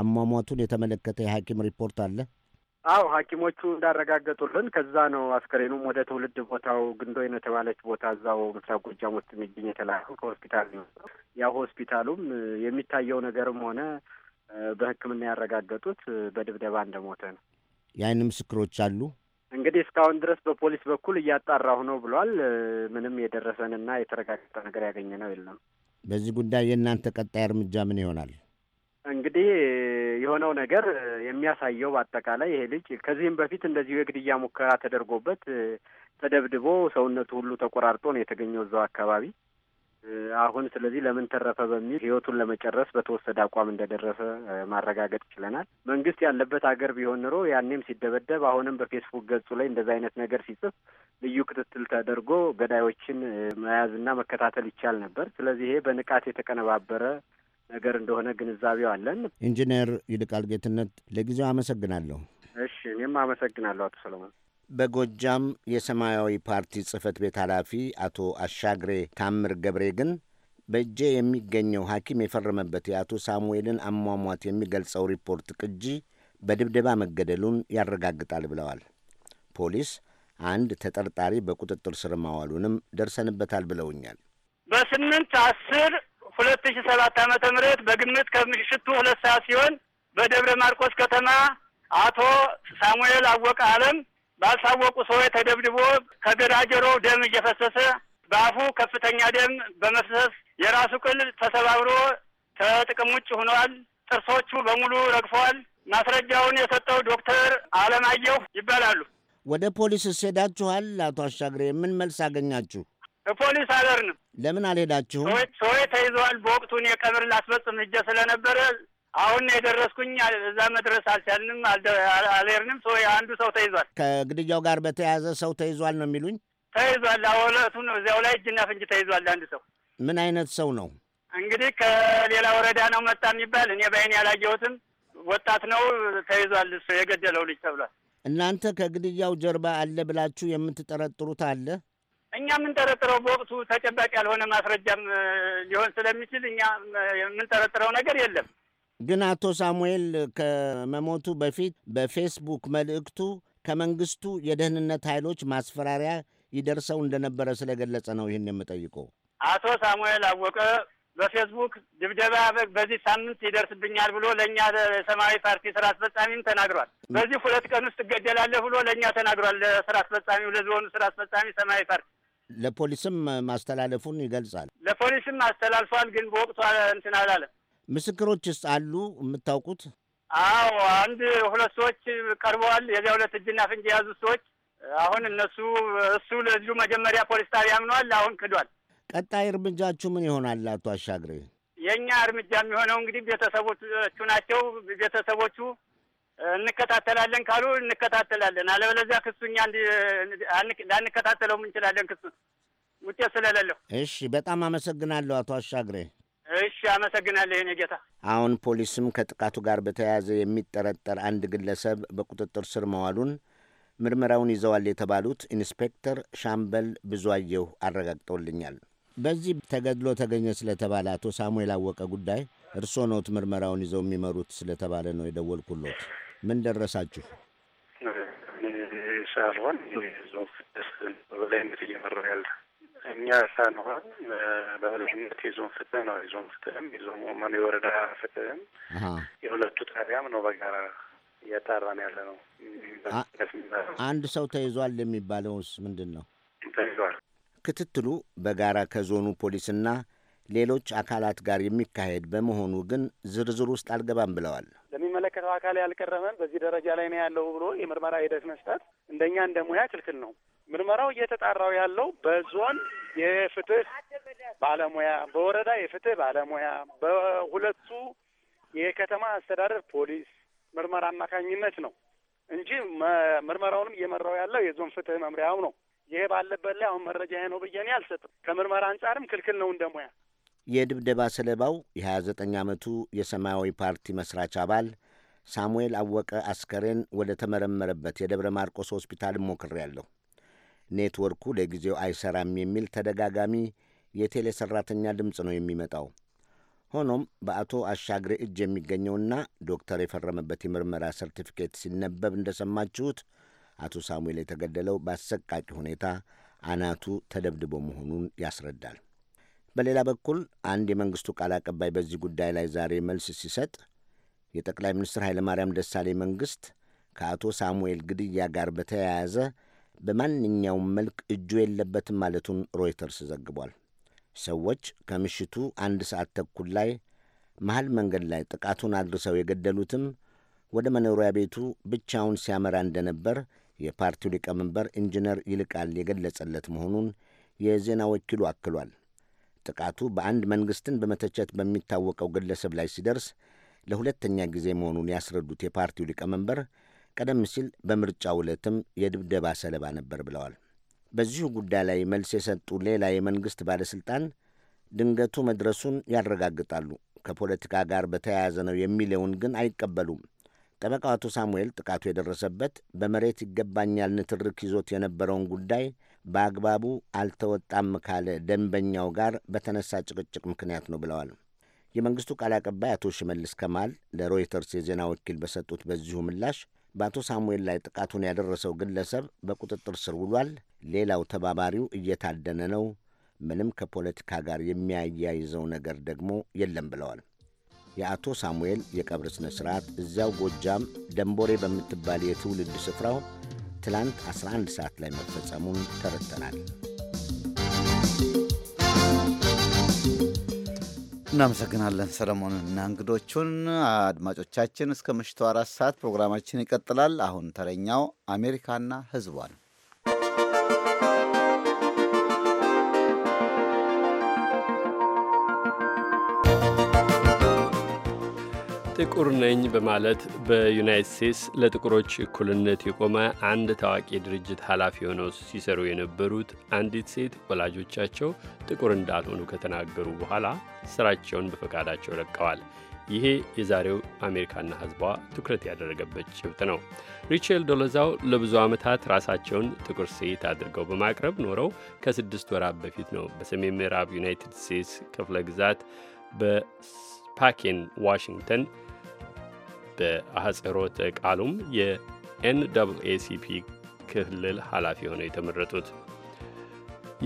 Speaker 6: አሟሟቱን የተመለከተ የሐኪም ሪፖርት አለ?
Speaker 11: አዎ ሐኪሞቹ እንዳረጋገጡልን ከዛ ነው። አስከሬኑም ወደ ትውልድ ቦታው ነው የተባለች ቦታ እዛው ምስራቅ ጎጃም ውስጥ የሚገኝ የተላከው ከሆስፒታል ነው። ያው ሆስፒታሉም የሚታየው ነገርም ሆነ በሕክምና ያረጋገጡት በድብደባ እንደሞተ ነው።
Speaker 6: የአይን ምስክሮች አሉ?
Speaker 11: እንግዲህ እስካሁን ድረስ በፖሊስ በኩል እያጣራሁ ነው ብሏል። ምንም የደረሰንና የተረጋገጠ ነገር ያገኘ ነው የለም።
Speaker 6: በዚህ ጉዳይ የእናንተ ቀጣይ እርምጃ ምን ይሆናል?
Speaker 11: እንግዲህ የሆነው ነገር የሚያሳየው በአጠቃላይ ይሄ ልጅ ከዚህም በፊት እንደዚሁ የግድያ ሙከራ ተደርጎበት ተደብድቦ ሰውነቱ ሁሉ ተቆራርጦ ነው የተገኘው እዛው አካባቢ። አሁን ስለዚህ ለምን ተረፈ በሚል ህይወቱን ለመጨረስ በተወሰደ አቋም እንደደረሰ ማረጋገጥ ችለናል። መንግስት ያለበት አገር ቢሆን ኑሮ ያኔም ሲደበደብ፣ አሁንም በፌስቡክ ገጹ ላይ እንደዚ አይነት ነገር ሲጽፍ ልዩ ክትትል ተደርጎ ገዳዮችን መያዝና መከታተል ይቻል ነበር። ስለዚህ ይሄ በንቃት የተቀነባበረ ነገር እንደሆነ ግንዛቤው አለን።
Speaker 6: ኢንጂነር ይልቃል ጌትነት ለጊዜው አመሰግናለሁ።
Speaker 11: እሺ፣ እኔም አመሰግናለሁ አቶ ሰለሞን።
Speaker 6: በጎጃም የሰማያዊ ፓርቲ ጽህፈት ቤት ኃላፊ አቶ አሻግሬ ታምር ገብሬ ግን በእጄ የሚገኘው ሐኪም የፈረመበት የአቶ ሳሙኤልን አሟሟት የሚገልጸው ሪፖርት ቅጂ በድብደባ መገደሉን ያረጋግጣል ብለዋል። ፖሊስ አንድ ተጠርጣሪ በቁጥጥር ስር ማዋሉንም ደርሰንበታል ብለውኛል።
Speaker 12: በስምንት አስር ሁለት ሺ ሰባት ዓመተ ምህረት በግምት ከምሽቱ ሁለት ሰዓት ሲሆን በደብረ ማርቆስ ከተማ አቶ ሳሙኤል አወቀ አለም ባልታወቁ ሰዎች ተደብድቦ ከገዳጀሮው ደም እየፈሰሰ በአፉ ከፍተኛ ደም በመፍሰስ የራሱ ቅል ተሰባብሮ ከጥቅም ውጭ ሆነዋል። ጥርሶቹ በሙሉ ረግፈዋል። ማስረጃውን የሰጠው ዶክተር አለማየሁ ይባላሉ።
Speaker 6: ወደ ፖሊስ ሄዳችኋል? አቶ አሻግሬ ምን መልስ አገኛችሁ?
Speaker 12: ፖሊስ ነው?
Speaker 6: ለምን አልሄዳችሁም?
Speaker 12: ሰዎች ተይዘዋል። በወቅቱን የቀብር ላስፈጽም ሂጄ ስለነበረ አሁን የደረስኩኝ እዛ መድረስ አልቻልንም፣ አልሄድንም። አንዱ ሰው ተይዟል።
Speaker 6: ከግድያው ጋር በተያያዘ ሰው ተይዟል ነው የሚሉኝ።
Speaker 12: ተይዟል። አወለቱ ነው እዚያው ላይ እጅና ፍንጅ ተይዟል። አንድ ሰው
Speaker 6: ምን አይነት ሰው ነው
Speaker 12: እንግዲህ ከሌላ ወረዳ ነው መጣ የሚባል እኔ በአይኔ ያላየሁትም ወጣት ነው ተይዟል። እሱ የገደለው ልጅ ተብሏል።
Speaker 6: እናንተ ከግድያው ጀርባ አለ ብላችሁ የምትጠረጥሩት አለ?
Speaker 12: እኛ የምንጠረጥረው በወቅቱ ተጨባጭ ያልሆነ ማስረጃም ሊሆን ስለሚችል እኛ የምንጠረጥረው ነገር የለም።
Speaker 6: ግን አቶ ሳሙኤል ከመሞቱ በፊት በፌስቡክ መልእክቱ ከመንግስቱ የደህንነት ኃይሎች ማስፈራሪያ ይደርሰው እንደነበረ ስለገለጸ ነው ይህን የምጠይቀው። አቶ ሳሙኤል
Speaker 12: አወቀ በፌስቡክ ድብደባ በዚህ ሳምንት ይደርስብኛል ብሎ ለእኛ የሰማያዊ ፓርቲ ስራ አስፈጻሚም ተናግሯል። በዚህ ሁለት ቀን ውስጥ እገደላለሁ ብሎ ለእኛ ተናግሯል። ለስራ አስፈጻሚው ለዞኑ ስራ አስፈጻሚ ሰማያዊ ፓርቲ
Speaker 6: ለፖሊስም ማስተላለፉን ይገልጻል።
Speaker 12: ለፖሊስም አስተላልፏል። ግን በወቅቱ እንትን አላለም።
Speaker 6: ምስክሮችስ አሉ የምታውቁት?
Speaker 12: አዎ አንድ ሁለት ሰዎች ቀርበዋል። የዚያ ሁለት እጅና ፍንጅ የያዙ ሰዎች አሁን እነሱ እሱ ለዚሁ መጀመሪያ ፖሊስ ጣቢያ አምኗል፣ አሁን ክዷል።
Speaker 6: ቀጣይ እርምጃችሁ ምን ይሆናል አቶ አሻግሬ?
Speaker 12: የእኛ እርምጃ የሚሆነው እንግዲህ ቤተሰቦቹ ናቸው። ቤተሰቦቹ እንከታተላለን ካሉ እንከታተላለን፣ አለበለዚያ ክሱ እኛ ላንከታተለውም እንችላለን ክሱ ውጤት ስለሌለው።
Speaker 6: እሺ፣ በጣም አመሰግናለሁ አቶ አሻግሬ። እሺ፣ አመሰግናለሁ የኔ ጌታ። አሁን ፖሊስም ከጥቃቱ ጋር በተያያዘ የሚጠረጠር አንድ ግለሰብ በቁጥጥር ስር መዋሉን ምርመራውን ይዘዋል የተባሉት ኢንስፔክተር ሻምበል ብዙአየሁ አረጋግጠውልኛል። በዚህ ተገድሎ ተገኘ ስለተባለ አቶ ሳሙኤል አወቀ ጉዳይ እርስዎ ኖት ምርመራውን ይዘው የሚመሩት ስለተባለ ነው የደወልኩሎት። ምን ደረሳችሁ? ሳልሆን
Speaker 7: በበላይነት እየመራ ያለ እኛ ሳንሆን በበላሽነት የዞን ፍትህ ነው። የዞን ፍትህም የዞን ማን የወረዳ ፍትህም የሁለቱ ጣቢያም ነው በጋራ እያጣራን ያለ ነው። አንድ
Speaker 6: ሰው ተይዟል የሚባለውስ ምንድን ነው? ተይዟል። ክትትሉ በጋራ ከዞኑ ፖሊስና ሌሎች አካላት ጋር የሚካሄድ በመሆኑ ግን ዝርዝር ውስጥ አልገባም ብለዋል።
Speaker 7: ለሚመለከተው አካል ያልቀረበን በዚህ ደረጃ ላይ ነው ያለው ብሎ የምርመራ ሂደት መስጠት እንደኛ እንደ ሙያ ክልክል ነው። ምርመራው እየተጣራው ያለው በዞን የፍትህ ባለሙያ፣ በወረዳ የፍትህ ባለሙያ፣ በሁለቱ የከተማ አስተዳደር ፖሊስ ምርመራ አማካኝነት ነው እንጂ ምርመራውንም እየመራው ያለው የዞን ፍትህ መምሪያው ነው። ይሄ ባለበት ላይ አሁን መረጃ ይሄ ነው ብዬ እኔ አልሰጥም። ከምርመራ አንጻርም ክልክል ነው እንደሙያ።
Speaker 6: የድብደባ ሰለባው የ29 ዓመቱ የሰማያዊ ፓርቲ መስራች አባል ሳሙኤል አወቀ አስከሬን ወደ ተመረመረበት የደብረ ማርቆስ ሆስፒታል ሞክሬያለሁ። ኔትወርኩ ለጊዜው አይሰራም የሚል ተደጋጋሚ የቴሌ ሠራተኛ ድምፅ ነው የሚመጣው። ሆኖም በአቶ አሻግሬ እጅ የሚገኘውና ዶክተር የፈረመበት የምርመራ ሰርቲፊኬት ሲነበብ እንደሰማችሁት አቶ ሳሙኤል የተገደለው በአሰቃቂ ሁኔታ አናቱ ተደብድቦ መሆኑን ያስረዳል። በሌላ በኩል አንድ የመንግሥቱ ቃል አቀባይ በዚህ ጉዳይ ላይ ዛሬ መልስ ሲሰጥ የጠቅላይ ሚኒስትር ኃይለማርያም ደሳሌ መንግሥት ከአቶ ሳሙኤል ግድያ ጋር በተያያዘ በማንኛውም መልክ እጁ የለበትም ማለቱን ሮይተርስ ዘግቧል። ሰዎች ከምሽቱ አንድ ሰዓት ተኩል ላይ መሀል መንገድ ላይ ጥቃቱን አድርሰው የገደሉትም ወደ መኖሪያ ቤቱ ብቻውን ሲያመራ እንደነበር የፓርቲው ሊቀመንበር ኢንጂነር ይልቃል የገለጸለት መሆኑን የዜና ወኪሉ አክሏል። ጥቃቱ በአንድ መንግሥትን በመተቸት በሚታወቀው ግለሰብ ላይ ሲደርስ ለሁለተኛ ጊዜ መሆኑን ያስረዱት የፓርቲው ሊቀመንበር ቀደም ሲል በምርጫው ዕለትም የድብደባ ሰለባ ነበር ብለዋል። በዚሁ ጉዳይ ላይ መልስ የሰጡ ሌላ የመንግሥት ባለሥልጣን ድንገቱ መድረሱን ያረጋግጣሉ፣ ከፖለቲካ ጋር በተያያዘ ነው የሚለውን ግን አይቀበሉም። ጠበቃው አቶ ሳሙኤል ጥቃቱ የደረሰበት በመሬት ይገባኛል ንትርክ ይዞት የነበረውን ጉዳይ በአግባቡ አልተወጣም ካለ ደንበኛው ጋር በተነሳ ጭቅጭቅ ምክንያት ነው ብለዋል። የመንግሥቱ ቃል አቀባይ አቶ ሽመልስ ከማል ለሮይተርስ የዜና ወኪል በሰጡት በዚሁ ምላሽ በአቶ ሳሙኤል ላይ ጥቃቱን ያደረሰው ግለሰብ በቁጥጥር ስር ውሏል። ሌላው ተባባሪው እየታደነ ነው። ምንም ከፖለቲካ ጋር የሚያያይዘው ነገር ደግሞ የለም ብለዋል። የአቶ ሳሙኤል የቀብር ሥነ ሥርዓት እዚያው ጎጃም ደንቦሬ በምትባል የትውልድ ስፍራው ትላንት 11 ሰዓት ላይ መፈጸሙን
Speaker 1: ተረድተናል።
Speaker 2: እናመሰግናለን ሰለሞንን እና እንግዶቹን። አድማጮቻችን እስከ ምሽቱ አራት ሰዓት ፕሮግራማችን ይቀጥላል። አሁን ተረኛው አሜሪካና ህዝቧ ነው።
Speaker 3: ጥቁር ነኝ በማለት በዩናይት ስቴትስ ለጥቁሮች እኩልነት የቆመ አንድ ታዋቂ ድርጅት ኃላፊ ሆነው ሲሰሩ የነበሩት አንዲት ሴት ወላጆቻቸው ጥቁር እንዳልሆኑ ከተናገሩ በኋላ ስራቸውን በፈቃዳቸው ለቀዋል። ይሄ የዛሬው አሜሪካና ሕዝቧ ትኩረት ያደረገበት ጭብጥ ነው። ሪቸል ዶለዛው ለብዙ ዓመታት ራሳቸውን ጥቁር ሴት አድርገው በማቅረብ ኖረው ከስድስት ወራት በፊት ነው በሰሜን ምዕራብ ዩናይትድ ስቴትስ ክፍለ ግዛት በስፓኬን ዋሽንግተን በአህጽሮተ ቃሉም የኤንኤሲፒ ክልል ኃላፊ ሆነው የተመረጡት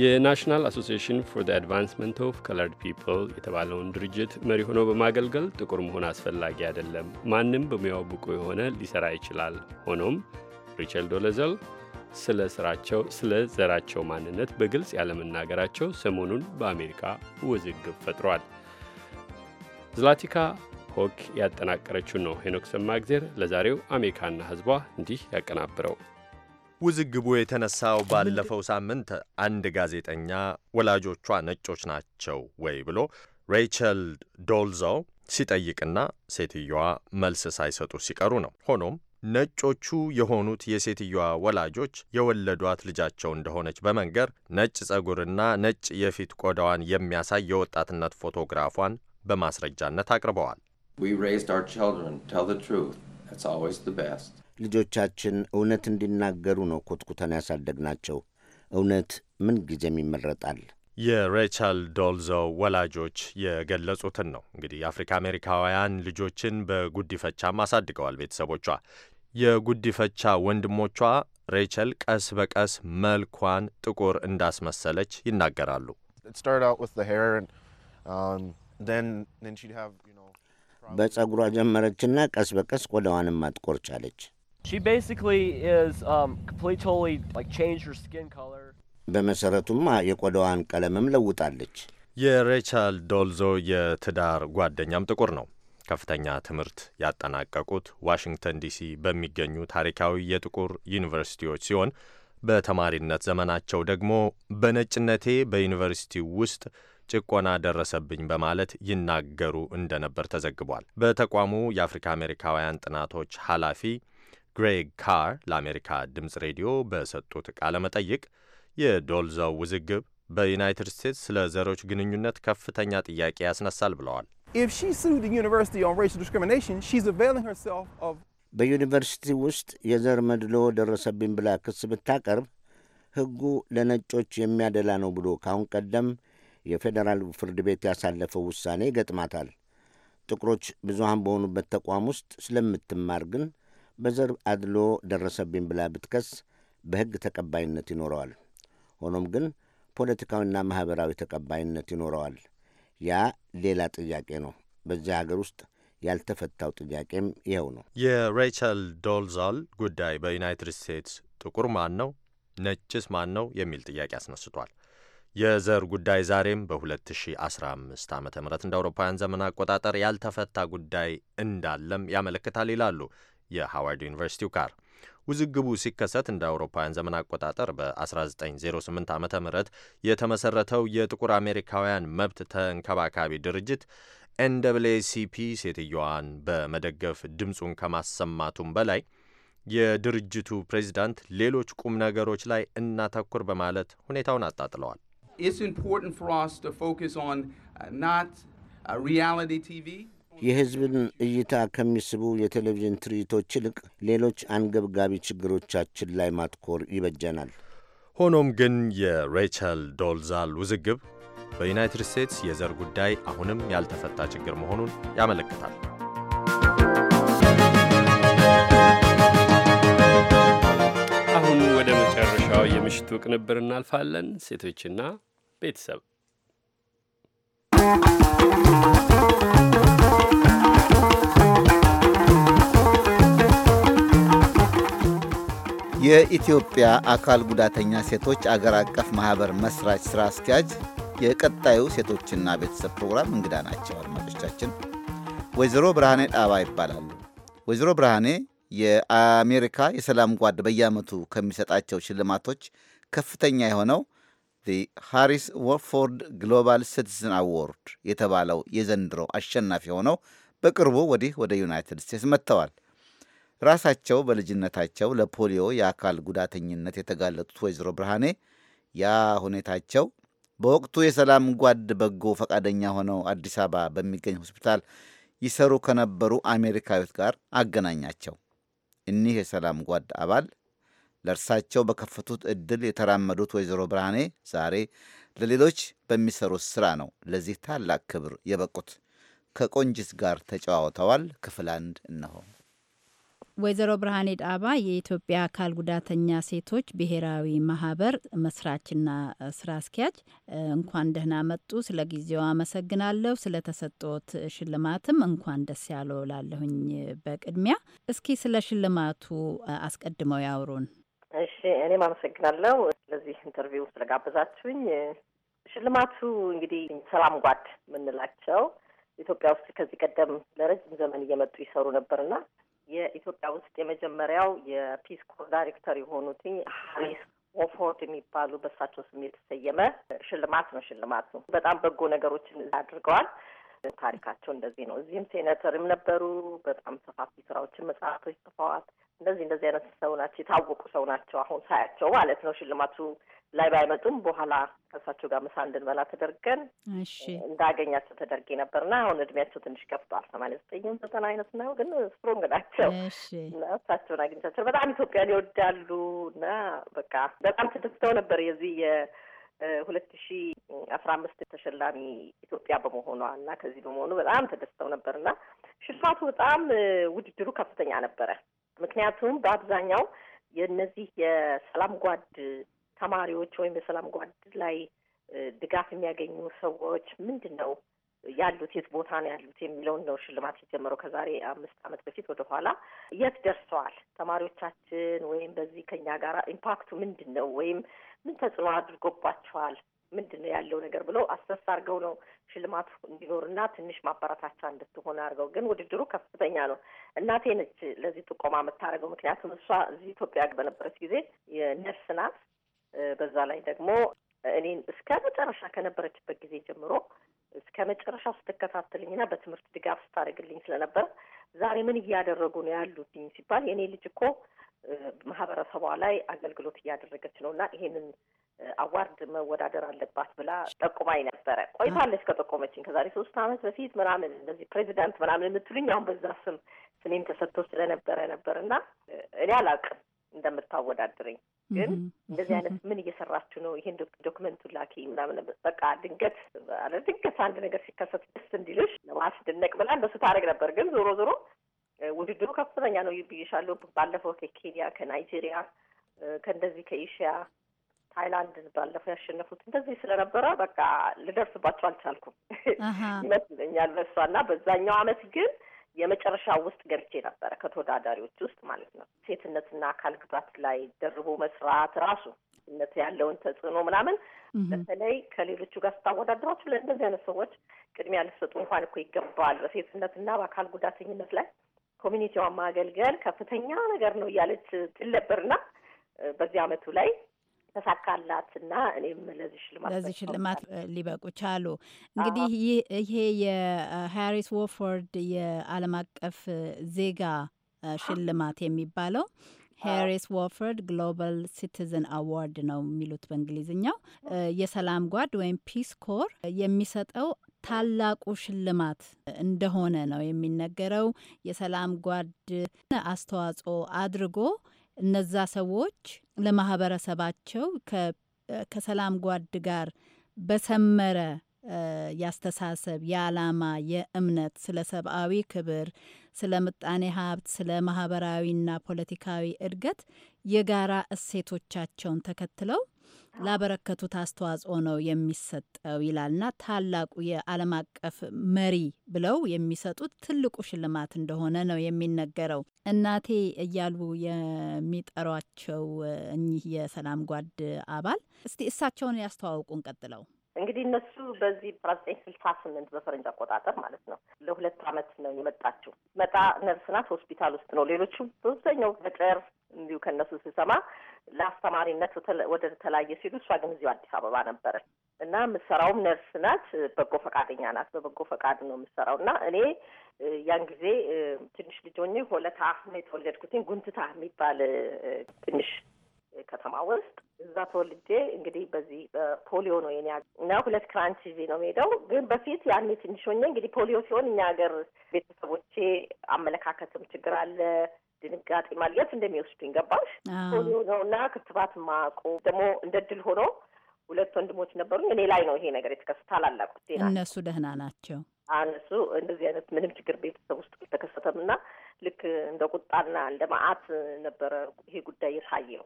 Speaker 3: የናሽናል አሶሲሽን ፎር ዘ አድቫንስመንት ኦፍ ከለርድ ፒፕል የተባለውን ድርጅት መሪ ሆኖ በማገልገል ጥቁር መሆን አስፈላጊ አይደለም፣ ማንም በሙያው ብቁ የሆነ ሊሰራ ይችላል። ሆኖም ሪቸል ዶለዘል ስለ ስራቸው ስለ ዘራቸው ማንነት በግልጽ ያለመናገራቸው ሰሞኑን በአሜሪካ ውዝግብ ፈጥሯል። ዝላቲካ ሆክ ያጠናቀረችው ነው። ሄኖክ ሰማእግዜር ለዛሬው
Speaker 5: አሜሪካና ህዝቧ እንዲህ ያቀናብረው። ውዝግቡ የተነሳው ባለፈው ሳምንት አንድ ጋዜጠኛ ወላጆቿ ነጮች ናቸው ወይ ብሎ ሬይቸል ዶልዞ ሲጠይቅና ሴትየዋ መልስ ሳይሰጡ ሲቀሩ ነው። ሆኖም ነጮቹ የሆኑት የሴትየዋ ወላጆች የወለዷት ልጃቸው እንደሆነች በመንገር ነጭ ጸጉርና ነጭ የፊት ቆዳዋን የሚያሳይ የወጣትነት ፎቶግራፏን በማስረጃነት አቅርበዋል።
Speaker 6: ልጆቻችን እውነት እንዲናገሩ ነው ኮትኩተን ያሳደግናቸው። እውነት ምን ጊዜም ይመረጣል።
Speaker 5: የሬቸል ዶልዞ ወላጆች የገለጹትን ነው። እንግዲህ የአፍሪካ አሜሪካውያን ልጆችን በጉዲፈቻም አሳድገዋል ቤተሰቦቿ። የጉዲፈቻ ወንድሞቿ ሬቸል ቀስ በቀስ መልኳን ጥቁር እንዳስመሰለች ይናገራሉ።
Speaker 6: በጸጉሯ ጀመረችና ቀስ በቀስ ቆዳዋንም ማጥቆር
Speaker 5: ቻለች።
Speaker 11: um,
Speaker 6: በመሰረቱማ የቆዳዋን ቀለምም ለውጣለች።
Speaker 5: የሬቻል ዶልዞ የትዳር ጓደኛም ጥቁር ነው። ከፍተኛ ትምህርት ያጠናቀቁት ዋሽንግተን ዲሲ በሚገኙ ታሪካዊ የጥቁር ዩኒቨርሲቲዎች ሲሆን በተማሪነት ዘመናቸው ደግሞ በነጭነቴ በዩኒቨርሲቲ ውስጥ ጭቆና ደረሰብኝ በማለት ይናገሩ እንደነበር ተዘግቧል። በተቋሙ የአፍሪካ አሜሪካውያን ጥናቶች ኃላፊ ግሬግ ካር ለአሜሪካ ድምፅ ሬዲዮ በሰጡት ቃለ መጠይቅ የዶልዛው ውዝግብ በዩናይትድ ስቴትስ ስለ ዘሮች ግንኙነት ከፍተኛ ጥያቄ ያስነሳል ብለዋል። በዩኒቨርሲቲ
Speaker 6: ውስጥ የዘር መድሎ ደረሰብኝ ብላ ክስ ብታቀርብ ሕጉ ለነጮች የሚያደላ ነው ብሎ ካሁን ቀደም የፌዴራል ፍርድ ቤት ያሳለፈው ውሳኔ ይገጥማታል። ጥቁሮች ብዙሃን በሆኑበት ተቋም ውስጥ ስለምትማር ግን በዘር አድሎ ደረሰብኝ ብላ ብትከስ በሕግ ተቀባይነት ይኖረዋል። ሆኖም ግን ፖለቲካዊና ማኅበራዊ ተቀባይነት ይኖረዋል። ያ ሌላ ጥያቄ ነው። በዚህ ሀገር ውስጥ ያልተፈታው ጥያቄም ይኸው ነው።
Speaker 5: የሬቸል ዶልዛል ጉዳይ በዩናይትድ ስቴትስ ጥቁር ማን ነው፣ ነጭስ ማን ነው የሚል ጥያቄ አስነስቷል። የዘር ጉዳይ ዛሬም በ2015 ዓ ም እንደ አውሮፓውያን ዘመን አቆጣጠር ያልተፈታ ጉዳይ እንዳለም ያመለክታል ይላሉ የሃዋርድ ዩኒቨርሲቲው ካር። ውዝግቡ ሲከሰት እንደ አውሮፓውያን ዘመን አቆጣጠር በ1908 ዓ ም የተመሰረተው የጥቁር አሜሪካውያን መብት ተንከባካቢ ድርጅት ኤንደብሌሲፒ ሴትዮዋን በመደገፍ ድምፁን ከማሰማቱም በላይ የድርጅቱ ፕሬዚዳንት ሌሎች ቁም ነገሮች ላይ እናተኩር በማለት ሁኔታውን አጣጥለዋል።
Speaker 7: it's important for us to focus on uh, not uh, reality TV.
Speaker 6: እይታ ከሚስቡ የቴሌቪዥን ትርኢቶች ይልቅ ሌሎች አንገብጋቢ ችግሮቻችን ላይ ማትኮር ይበጀናል።
Speaker 5: ሆኖም ግን የሬቸል ዶልዛል ውዝግብ በዩናይትድ ስቴትስ የዘር ጉዳይ አሁንም ያልተፈታ ችግር መሆኑን ያመለክታል።
Speaker 3: አሁን ወደ መጨረሻው የምሽቱ ቅንብር እናልፋለን። ሴቶችና ቤተሰብ
Speaker 2: የኢትዮጵያ አካል ጉዳተኛ ሴቶች አገር አቀፍ ማህበር መስራች ስራ አስኪያጅ የቀጣዩ ሴቶችና ቤተሰብ ፕሮግራም እንግዳ ናቸው። አድማጮቻችን ወይዘሮ ብርሃኔ ጣባ ይባላሉ። ወይዘሮ ብርሃኔ የአሜሪካ የሰላም ጓድ በየዓመቱ ከሚሰጣቸው ሽልማቶች ከፍተኛ የሆነው ዩኒቨርሲቲ ሃሪስ ወፎርድ ግሎባል ሲቲዝን አዋርድ የተባለው የዘንድሮ አሸናፊ ሆነው በቅርቡ ወዲህ ወደ ዩናይትድ ስቴትስ መጥተዋል። ራሳቸው በልጅነታቸው ለፖሊዮ የአካል ጉዳተኝነት የተጋለጡት ወይዘሮ ብርሃኔ ያ ሁኔታቸው በወቅቱ የሰላም ጓድ በጎ ፈቃደኛ ሆነው አዲስ አበባ በሚገኝ ሆስፒታል ይሰሩ ከነበሩ አሜሪካዊት ጋር አገናኛቸው። እኒህ የሰላም ጓድ አባል ለእርሳቸው በከፈቱት እድል የተራመዱት ወይዘሮ ብርሃኔ ዛሬ ለሌሎች በሚሰሩት ስራ ነው ለዚህ ታላቅ ክብር የበቁት። ከቆንጂት ጋር ተጨዋውተዋል። ክፍል አንድ እነሆ።
Speaker 8: ወይዘሮ ብርሃኔ ዳባ የኢትዮጵያ አካል ጉዳተኛ ሴቶች ብሔራዊ ማህበር መስራችና ስራ አስኪያጅ፣ እንኳን ደህና መጡ። ስለ ጊዜው አመሰግናለሁ። ስለተሰጦት ሽልማትም እንኳን ደስ ያለው ላለሁኝ። በቅድሚያ እስኪ ስለ ሽልማቱ አስቀድመው ያውሩን።
Speaker 4: እሺ፣ እኔም አመሰግናለሁ ለዚህ ኢንተርቪው ስለጋበዛችሁኝ። ሽልማቱ እንግዲህ ሰላም ጓድ የምንላቸው ኢትዮጵያ ውስጥ ከዚህ ቀደም ለረጅም ዘመን እየመጡ ይሰሩ ነበርና የኢትዮጵያ ውስጥ የመጀመሪያው የፒስ ኮር ዳይሬክተር የሆኑትኝ ሀሪስ ኦፎርድ የሚባሉ በሳቸው ስም የተሰየመ ሽልማት ነው። ሽልማቱ በጣም በጎ ነገሮችን አድርገዋል። ታሪካቸው እንደዚህ ነው። እዚህም ሴኔተርም ነበሩ። በጣም ሰፋፊ ስራዎችን መጽሐፎች ጽፈዋል። እንደዚህ እንደዚህ አይነት ሰው ናቸው። የታወቁ ሰው ናቸው። አሁን ሳያቸው ማለት ነው። ሽልማቱ ላይ ባይመጡም በኋላ ከእሳቸው ጋር ምሳ እንድንበላ ተደርገን እንዳገኛቸው ተደርጌ ነበር ነበርና አሁን እድሜያቸው ትንሽ ከፍቷል። ሰማንያ ዘጠኝም ዘጠና አይነት ነው፣ ግን ስትሮንግ ናቸው እና እሳቸውን አግኝቻቸው በጣም ኢትዮጵያን ይወዳሉ እና በቃ በጣም ትድፍተው ነበር የዚህ ሁለት ሺ አስራ አምስት ተሸላሚ ኢትዮጵያ በመሆኗ እና ከዚህ በመሆኑ በጣም ተደስተው ነበር እና ሽልማቱ በጣም ውድድሩ ከፍተኛ ነበረ። ምክንያቱም በአብዛኛው የእነዚህ የሰላም ጓድ ተማሪዎች ወይም የሰላም ጓድ ላይ ድጋፍ የሚያገኙ ሰዎች ምንድን ነው ያሉት የት ቦታ ነው ያሉት የሚለውን ነው ሽልማት የጀመረው። ከዛሬ አምስት ዓመት በፊት ወደኋላ የት ደርሰዋል ተማሪዎቻችን ወይም በዚህ ከኛ ጋር ኢምፓክቱ ምንድን ነው ወይም ምን ተጽዕኖ አድርጎባቸዋል ምንድን ነው ያለው ነገር ብለው አሰስ አድርገው ነው ሽልማቱ እንዲኖርና ትንሽ ማበረታቻ እንድትሆን አድርገው። ግን ውድድሩ ከፍተኛ ነው። እናቴ ነች ለዚህ ጥቆማ የምታደርገው። ምክንያቱም እሷ እዚህ ኢትዮጵያ በነበረች ጊዜ የነርስ ናት። በዛ ላይ ደግሞ እኔን እስከ መጨረሻ ከነበረችበት ጊዜ ጀምሮ እስከ መጨረሻ ስትከታተልኝና በትምህርት ድጋፍ ስታደርግልኝ ስለነበረ ዛሬ ምን እያደረጉ ነው ያሉትኝ ሲባል የኔ ልጅ እኮ ማህበረሰቧ ላይ አገልግሎት እያደረገች ነው እና ይሄንን አዋርድ መወዳደር አለባት ብላ ጠቁማኝ ነበረ። ቆይታለች ከጠቆመችኝ ከዛሬ ሶስት ዓመት በፊት ምናምን እንደዚህ ፕሬዚዳንት ምናምን የምትሉኝ አሁን በዛ ስም ስኔም ተሰጥቶ ስለነበረ ነበር እና እኔ አላውቅም እንደምታወዳድረኝ ግን እንደዚህ አይነት ምን እየሰራችሁ ነው? ይህን ዶክመንቱ ላኪ ምናምን በቃ ድንገት አለ ድንገት አንድ ነገር ሲከሰት ደስ እንዲልሽ ለማስደነቅ ብላ እንደሱ ታደርግ ነበር። ግን ዞሮ ዞሮ ውድድሩ ከፍተኛ ነው ይብይሻሉ። ባለፈው ከኬንያ፣ ከናይጄሪያ፣ ከእንደዚህ ከኤሽያ ታይላንድ ባለፈው ያሸነፉት እንደዚህ ስለነበረ በቃ ልደርስባቸው አልቻልኩም ይመስለኛል በሷ እና በዛኛው አመት ግን የመጨረሻ ውስጥ ገብቼ ነበረ ከተወዳዳሪዎች ውስጥ ማለት ነው። ሴትነትና አካል ግዛት ላይ ደርቦ መስራት ራሱ ነት ያለውን ተጽዕኖ ምናምን በተለይ ከሌሎቹ ጋር ስታወዳድሯቸው ለእንደዚህ አይነት ሰዎች ቅድሚያ ልሰጡ እንኳን እኮ ይገባዋል። በሴትነትና በአካል ጉዳተኝነት ላይ ኮሚኒቲዋን ማገልገል ከፍተኛ ነገር ነው እያለች ትል ነበርና በዚህ አመቱ ላይ ተሳካላትና እኔም ለዚህ
Speaker 8: ሽልማት ለዚህ ሽልማት ሊበቁ ቻሉ። እንግዲህ ይሄ የሃሪስ ወፎርድ የዓለም አቀፍ ዜጋ ሽልማት የሚባለው ሃሪስ ዎፎርድ ግሎባል ሲቲዝን አዋርድ ነው የሚሉት በእንግሊዝኛው። የሰላም ጓድ ወይም ፒስ ኮር የሚሰጠው ታላቁ ሽልማት እንደሆነ ነው የሚነገረው። የሰላም ጓድ አስተዋጽኦ አድርጎ እነዛ ሰዎች ለማህበረሰባቸው ከሰላም ጓድ ጋር በሰመረ ያስተሳሰብ የዓላማ የእምነት ስለ ሰብአዊ ክብር፣ ስለ ምጣኔ ሀብት፣ ስለ ማህበራዊና ፖለቲካዊ እድገት የጋራ እሴቶቻቸውን ተከትለው ላበረከቱት አስተዋጽኦ ነው የሚሰጠው ይላልና ታላቁ የዓለም አቀፍ መሪ ብለው የሚሰጡት ትልቁ ሽልማት እንደሆነ ነው የሚነገረው። እናቴ እያሉ የሚጠሯቸው እኚህ የሰላም ጓድ አባል እስቲ እሳቸውን ያስተዋውቁን ቀጥለው።
Speaker 4: እንግዲህ እነሱ በዚህ በአስራ ዘጠኝ ስልሳ ስምንት በፈረንጅ አቆጣጠር ማለት ነው። ለሁለት አመት ነው የመጣችው። መጣ ነርስ ናት። ሆስፒታል ውስጥ ነው። ሌሎቹ በብዛኛው ገጠር እንዲሁ ከእነሱ ስሰማ ለአስተማሪነት ወደ ተለያየ ሲሉ እሷ ግን እዚሁ አዲስ አበባ ነበረች እና የምትሰራውም ነርስ ናት። በጎ ፈቃደኛ ናት። በበጎ ፈቃድ ነው የምትሰራው። እና እኔ ያን ጊዜ ትንሽ ልጅ ሆኜ ሆለታ ነው የተወለድኩትኝ ጉንትታ የሚባል ትንሽ ከተማ ውስጥ እዛ ተወልጄ እንግዲህ በዚህ በፖሊዮ ነው የኔ እና ሁለት ክራንች ይዤ ነው የምሄደው። ግን በፊት ያኔ ትንሽ ሆኜ እንግዲህ ፖሊዮ ሲሆን እኛ ሀገር ቤተሰቦቼ አመለካከትም ችግር አለ ድንጋጤ ማልየት እንደሚወስዱኝ ገባሽ ፖሊዮ እና ክትባት ማቆ ደግሞ እንደ ድል ሆኖ ሁለት ወንድሞች ነበሩ እኔ ላይ ነው ይሄ ነገር የተከሰተ። ዜና
Speaker 8: እነሱ ደህና ናቸው።
Speaker 4: እነሱ እንደዚህ አይነት ምንም ችግር ቤተሰብ ውስጥ አልተከሰተም እና ልክ እንደ ቁጣና እንደ መዓት ነበረ ይሄ ጉዳይ የታየው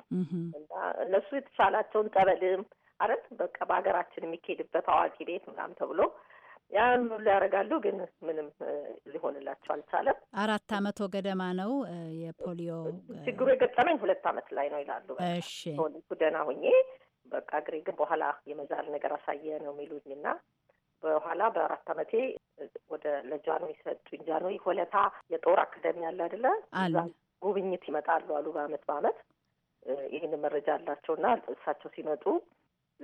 Speaker 4: እና እነሱ የተቻላቸውን ጠበልም አረት በቃ በሀገራችን የሚካሄድበት አዋቂ ቤት ምናምን ተብሎ ያን ሁሉ ያደርጋሉ፣ ግን ምንም ሊሆንላቸው አልቻለም።
Speaker 8: አራት አመቶ ገደማ ነው የፖሊዮ
Speaker 4: ችግሩ የገጠመኝ ሁለት አመት ላይ ነው ይላሉ። እሺ ደህና ሁኜ በቃ እግሬ ግን በኋላ የመዛል ነገር አሳየ ነው የሚሉኝ እና በኋላ በአራት አመቴ ወደ ለጃኖይ ሰጡኝ። ጃኖይ ሆለታ የጦር አካዳሚ ያለ አይደለ? ጉብኝት ይመጣሉ አሉ በአመት በአመት ይህንን መረጃ አላቸው እና እሳቸው ሲመጡ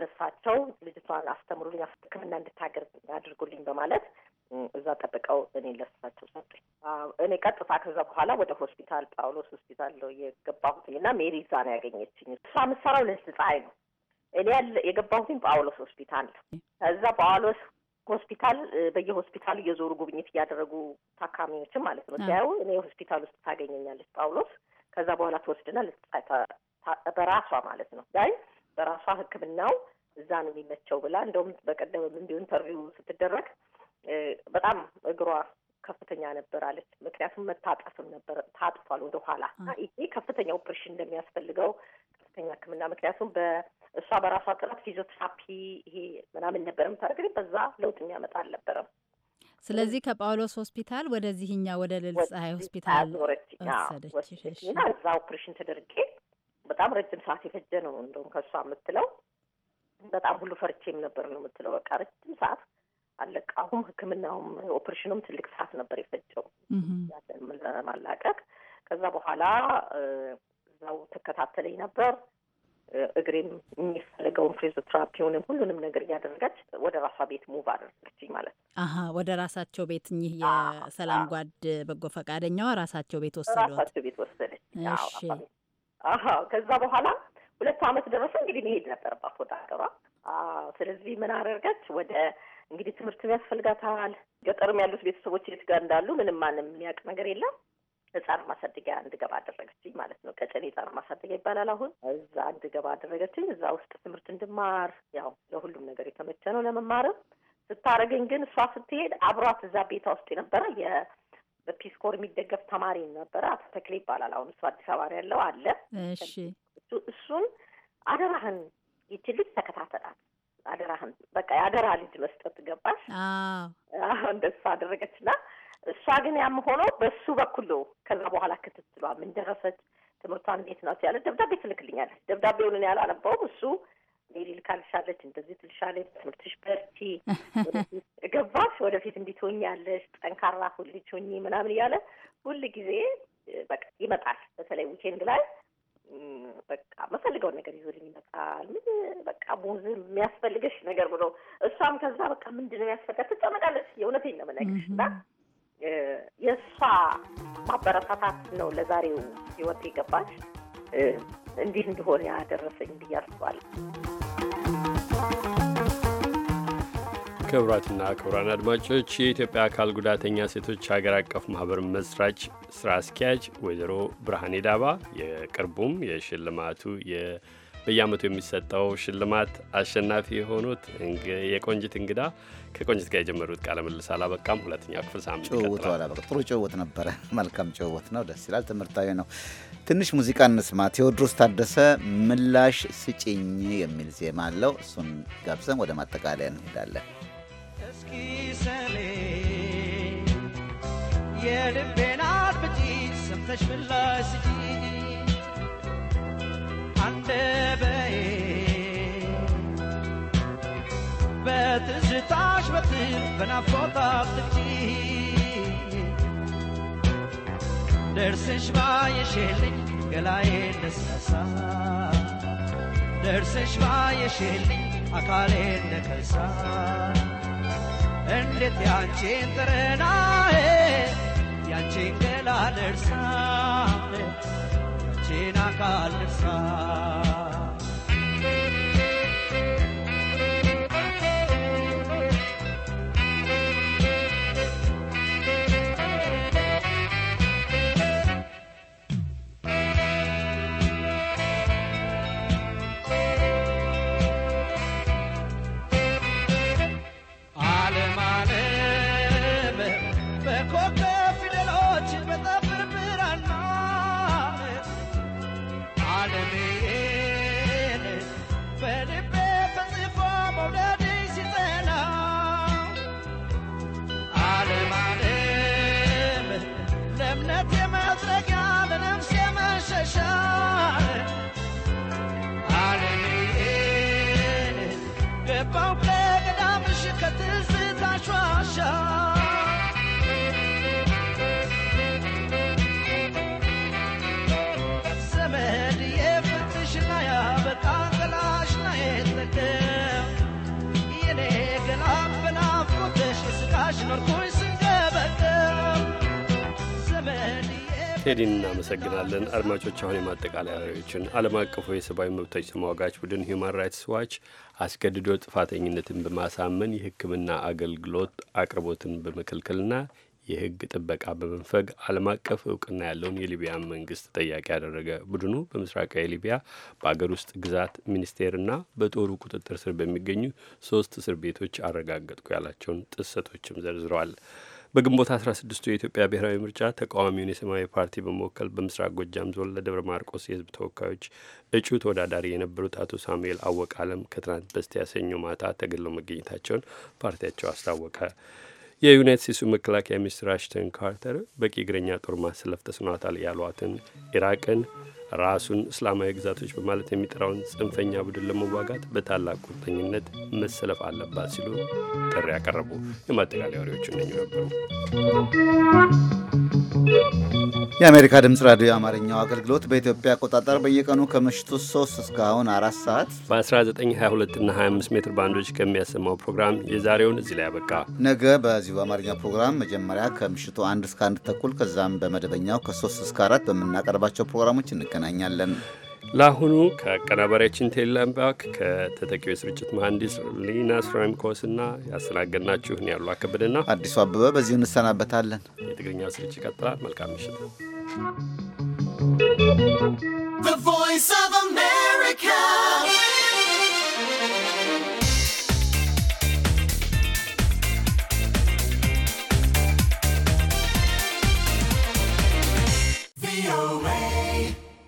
Speaker 4: ለሳቸው ልጅቷን አስተምሩልኝ፣ ሕክምና እንድታገር አድርጉልኝ በማለት እዛ ጠብቀው እኔ ለሳቸው ሰጡኝ። እኔ ቀጥታ ከዛ በኋላ ወደ ሆስፒታል ጳውሎስ ሆስፒታል ነው የገባሁት እና ሜሪ እዛ ነው ያገኘችኝ። እሷ የምትሰራው ለስጻይ ነው። እኔ ያለ የገባሁትኝ ጳውሎስ ሆስፒታል ነው። ከዛ ጳውሎስ ሆስፒታል በየሆስፒታሉ እየዞሩ ጉብኝት እያደረጉ ታካሚዎችን ማለት ነው ሲያዩ እኔ ሆስፒታል ውስጥ ታገኘኛለች ጳውሎስ ከዛ በኋላ ትወስድና በራሷ ማለት ነው ላይ በራሷ ሕክምናው እዛ ነው የሚመቸው ብላ እንደውም በቀደም እንዲሁ ኢንተርቪው ስትደረግ በጣም እግሯ ከፍተኛ ነበር አለች። ምክንያቱም መታጠፍም ነበር ታጥፏል ወደኋላ እና ይሄ ከፍተኛ ኦፕሬሽን እንደሚያስፈልገው ከፍተኛ ሕክምና ምክንያቱም በእሷ በራሷ ጥረት ፊዚዮቴራፒ ይሄ ምናምን ነበረ የምታደርግ ግን በዛ ለውጥ የሚያመጣ አልነበረም።
Speaker 8: ስለዚህ ከጳውሎስ ሆስፒታል ወደዚህኛ ወደ ልዕልት ፀሐይ ሆስፒታል
Speaker 4: ወሰደች እና እዛ ኦፕሬሽን ተደርጌ በጣም ረጅም ሰዓት የፈጀ ነው። እንደውም ከእሷ የምትለው በጣም ሁሉ ፈርቼም ነበር ነው የምትለው። በቃ ረጅም ሰዓት አለቃሁም ሕክምናውም ኦፕሬሽኑም ትልቅ ሰዓት ነበር የፈጀው ያንን ለማላቀቅ። ከዛ በኋላ እዛው ትከታተለኝ ነበር። እግሬም የሚፈልገውን ፊዚዮቴራፒውንም ሁሉንም ነገር እያደረገች ወደ ራሷ ቤት ሙቭ አደረገችኝ ማለት
Speaker 8: ነው። ወደ ራሳቸው ቤት እኚህ የሰላም ጓድ በጎ ፈቃደኛዋ ራሳቸው ቤት ወሰደ ራሳቸው
Speaker 4: ቤት ወሰደች። ከዛ በኋላ ሁለት ዓመት ደረሰ እንግዲህ መሄድ ነበረባት ወደ ሀገሯ። ስለዚህ ምን አደረገች? ወደ እንግዲህ ትምህርት ያስፈልጋታል። ገጠርም ያሉት ቤተሰቦች የት ጋር እንዳሉ ምንም ማንም የሚያውቅ ነገር የለም። ህጻን ማሳደጊያ እንድገባ አደረገችኝ ማለት ነው። ቀጨኔ ህጻን ማሳደጊያ ይባላል። አሁን እዛ እንድገባ አደረገችኝ። እዛ ውስጥ ትምህርት እንድማር ያው ለሁሉም ነገር የተመቸ ነው ለመማርም ስታደርገኝ ግን እሷ ስትሄድ አብሯት እዛ ቤታ ውስጥ የነበረ በፒስኮር የሚደገፍ ተማሪ ነበረ። አቶ ተክሌ ይባላል። አሁን እሱ አዲስ አበባ ያለው አለ። እሺ እሱን አደራህን ይቺ ልጅ ተከታተላት፣ አደራህን በቃ የአደራ ልጅ መስጠት ገባሽ? እንደሱ አደረገችና እሷ ግን ያም ሆኖ በሱ በኩል ነው። ከዛ በኋላ ክትትሏ ምን ደረሰች፣ ትምህርቷን እንዴት ናት ያለ ደብዳቤ ትልክልኛለች። ደብዳቤውን ያላነበውም እሱ ሌሊ ልካልሻለች፣ እንደዚህ ትልሻለች፣ ትምህርትሽ በርቺ፣ ወደፊት ገባሽ፣ ወደፊት እንዲትሆኛለሽ፣ ጠንካራ ሁል ልጅ ሁኚ ምናምን እያለ ሁል ጊዜ በቃ ይመጣል። በተለይ ዊኬንድ ላይ በቃ መፈልገውን ነገር ይዞልኝ ይመጣል። ምን በቃ ሙዝ የሚያስፈልገሽ ነገር ብሎ እሷም ከዛ በቃ ምንድን ነው የሚያስፈልጋት ትጨመቃለች። የእውነቴን ነው የምነግርሽ እና የእሷ ማበረታታት ነው ለዛሬው ህይወት የገባች እንዲህ እንደሆነ ያደረሰኝ ብዬ አስባለሁ።
Speaker 3: ክቡራትና ክቡራን አድማጮች የኢትዮጵያ አካል ጉዳተኛ ሴቶች ሀገር አቀፍ ማህበር መስራች ስራ አስኪያጅ ወይዘሮ ብርሃኔ ዳባ የቅርቡም የሽልማቱ በየአመቱ የሚሰጠው ሽልማት አሸናፊ የሆኑት የቆንጅት እንግዳ ከቆንጅት ጋር የጀመሩት ቃለ ምልስ አላበቃም። ሁለተኛ ክፍል ሳምንት
Speaker 2: ጭውውቱ አላበቃም። ጥሩ ጭውውት ነበረ። መልካም ጭውውት ነው። ደስ ይላል። ትምህርታዊ ነው። ትንሽ ሙዚቃ እንስማ። ቴዎድሮስ ታደሰ ምላሽ ስጭኝ የሚል ዜማ አለው። እሱን ጋብዘን ወደ ማጠቃለያ እንሄዳለን።
Speaker 1: እስኪ ሰኔ የልቤና ብጪ ሰምተሽ ምላሽ ስጪ አንደበዬ በትዝታሽ በትል በናፍቆታት ትግጪ ደርስሽ ባየሽልኝ ገላዬ ነሳሳ ደርስሽ ባየሽልኝ አካሌ ነከሳ እንዴት ያንቺን ጥረናሄ ያንቺን ገላ ደርሳ ያንቺን አካል ደርሳ Russia. ዘመድ በጣም ገላሽ ናየለቀ የኔ ገላ በናፍቆትሽ
Speaker 3: ቴዲን እናመሰግናለን። አድማጮች፣ አሁን የማጠቃለያ ሪዎችን ዓለም አቀፉ የሰብአዊ መብቶች ተሟጋች ቡድን ሂውማን ራይትስ ዋች አስገድዶ ጥፋተኝነትን በማሳመን የሕክምና አገልግሎት አቅርቦትን በመከልከልና የህግ ጥበቃ በመንፈግ ዓለም አቀፍ እውቅና ያለውን የሊቢያ መንግስት ተጠያቂ ያደረገ። ቡድኑ በምስራቃዊ ሊቢያ በአገር ውስጥ ግዛት ሚኒስቴርና በጦሩ ቁጥጥር ስር በሚገኙ ሶስት እስር ቤቶች አረጋገጥኩ ያላቸውን ጥሰቶችም ዘርዝረዋል። በግንቦት 16ቱ የኢትዮጵያ ብሔራዊ ምርጫ ተቃዋሚውን የሰማያዊ ፓርቲ በመወከል በምስራቅ ጎጃም ዞን ለደብረ ማርቆስ የህዝብ ተወካዮች እጩ ተወዳዳሪ የነበሩት አቶ ሳሙኤል አወቃለም ከትናንት በስቲያ ሰኞ ማታ ተገሎ መገኘታቸውን ፓርቲያቸው አስታወቀ። የዩናይት ስቴትሱ መከላከያ ሚኒስትር አሽተን ካርተር በቂ እግረኛ ጦር ማሰለፍ ተስኗታል ያሏትን ኢራቅን ራሱን እስላማዊ ግዛቶች በማለት የሚጠራውን ጽንፈኛ ቡድን ለመዋጋት በታላቅ ቁርጠኝነት መሰለፍ አለባት ሲሉ ጥሪ ያቀረቡ የማጠቃለያ ወሬዎቹ እነኙ ነበሩ።
Speaker 2: የአሜሪካ ድምፅ ራዲዮ የአማርኛው አገልግሎት በኢትዮጵያ አቆጣጠር በየቀኑ ከምሽቱ 3 እስካሁን አራት ሰዓት
Speaker 3: በ1922 እና 25 ሜትር ባንዶች ከሚያሰማው ፕሮግራም የዛሬውን እዚህ ላይ ያበቃ።
Speaker 2: ነገ በዚሁ አማርኛ ፕሮግራም መጀመሪያ ከምሽቱ 1 እስከ 1 ተኩል ከዛም በመደበኛው ከ3 እስከ 4 በምናቀርባቸው ፕሮግራሞች
Speaker 3: እንገናኛለን። ለአሁኑ ከአቀናባሪያችን ቴሌላምባክ ከተጠቂው የስርጭት መሐንዲስ ሊና ና ያስተናገድናችሁ ያስተናገድናችሁን ያሉ አከብድና አዲሱ አበበ በዚሁ እንሰናበታለን። የትግርኛ ስርጭት ይቀጥላል። መልካም ምሽት።
Speaker 1: The Voice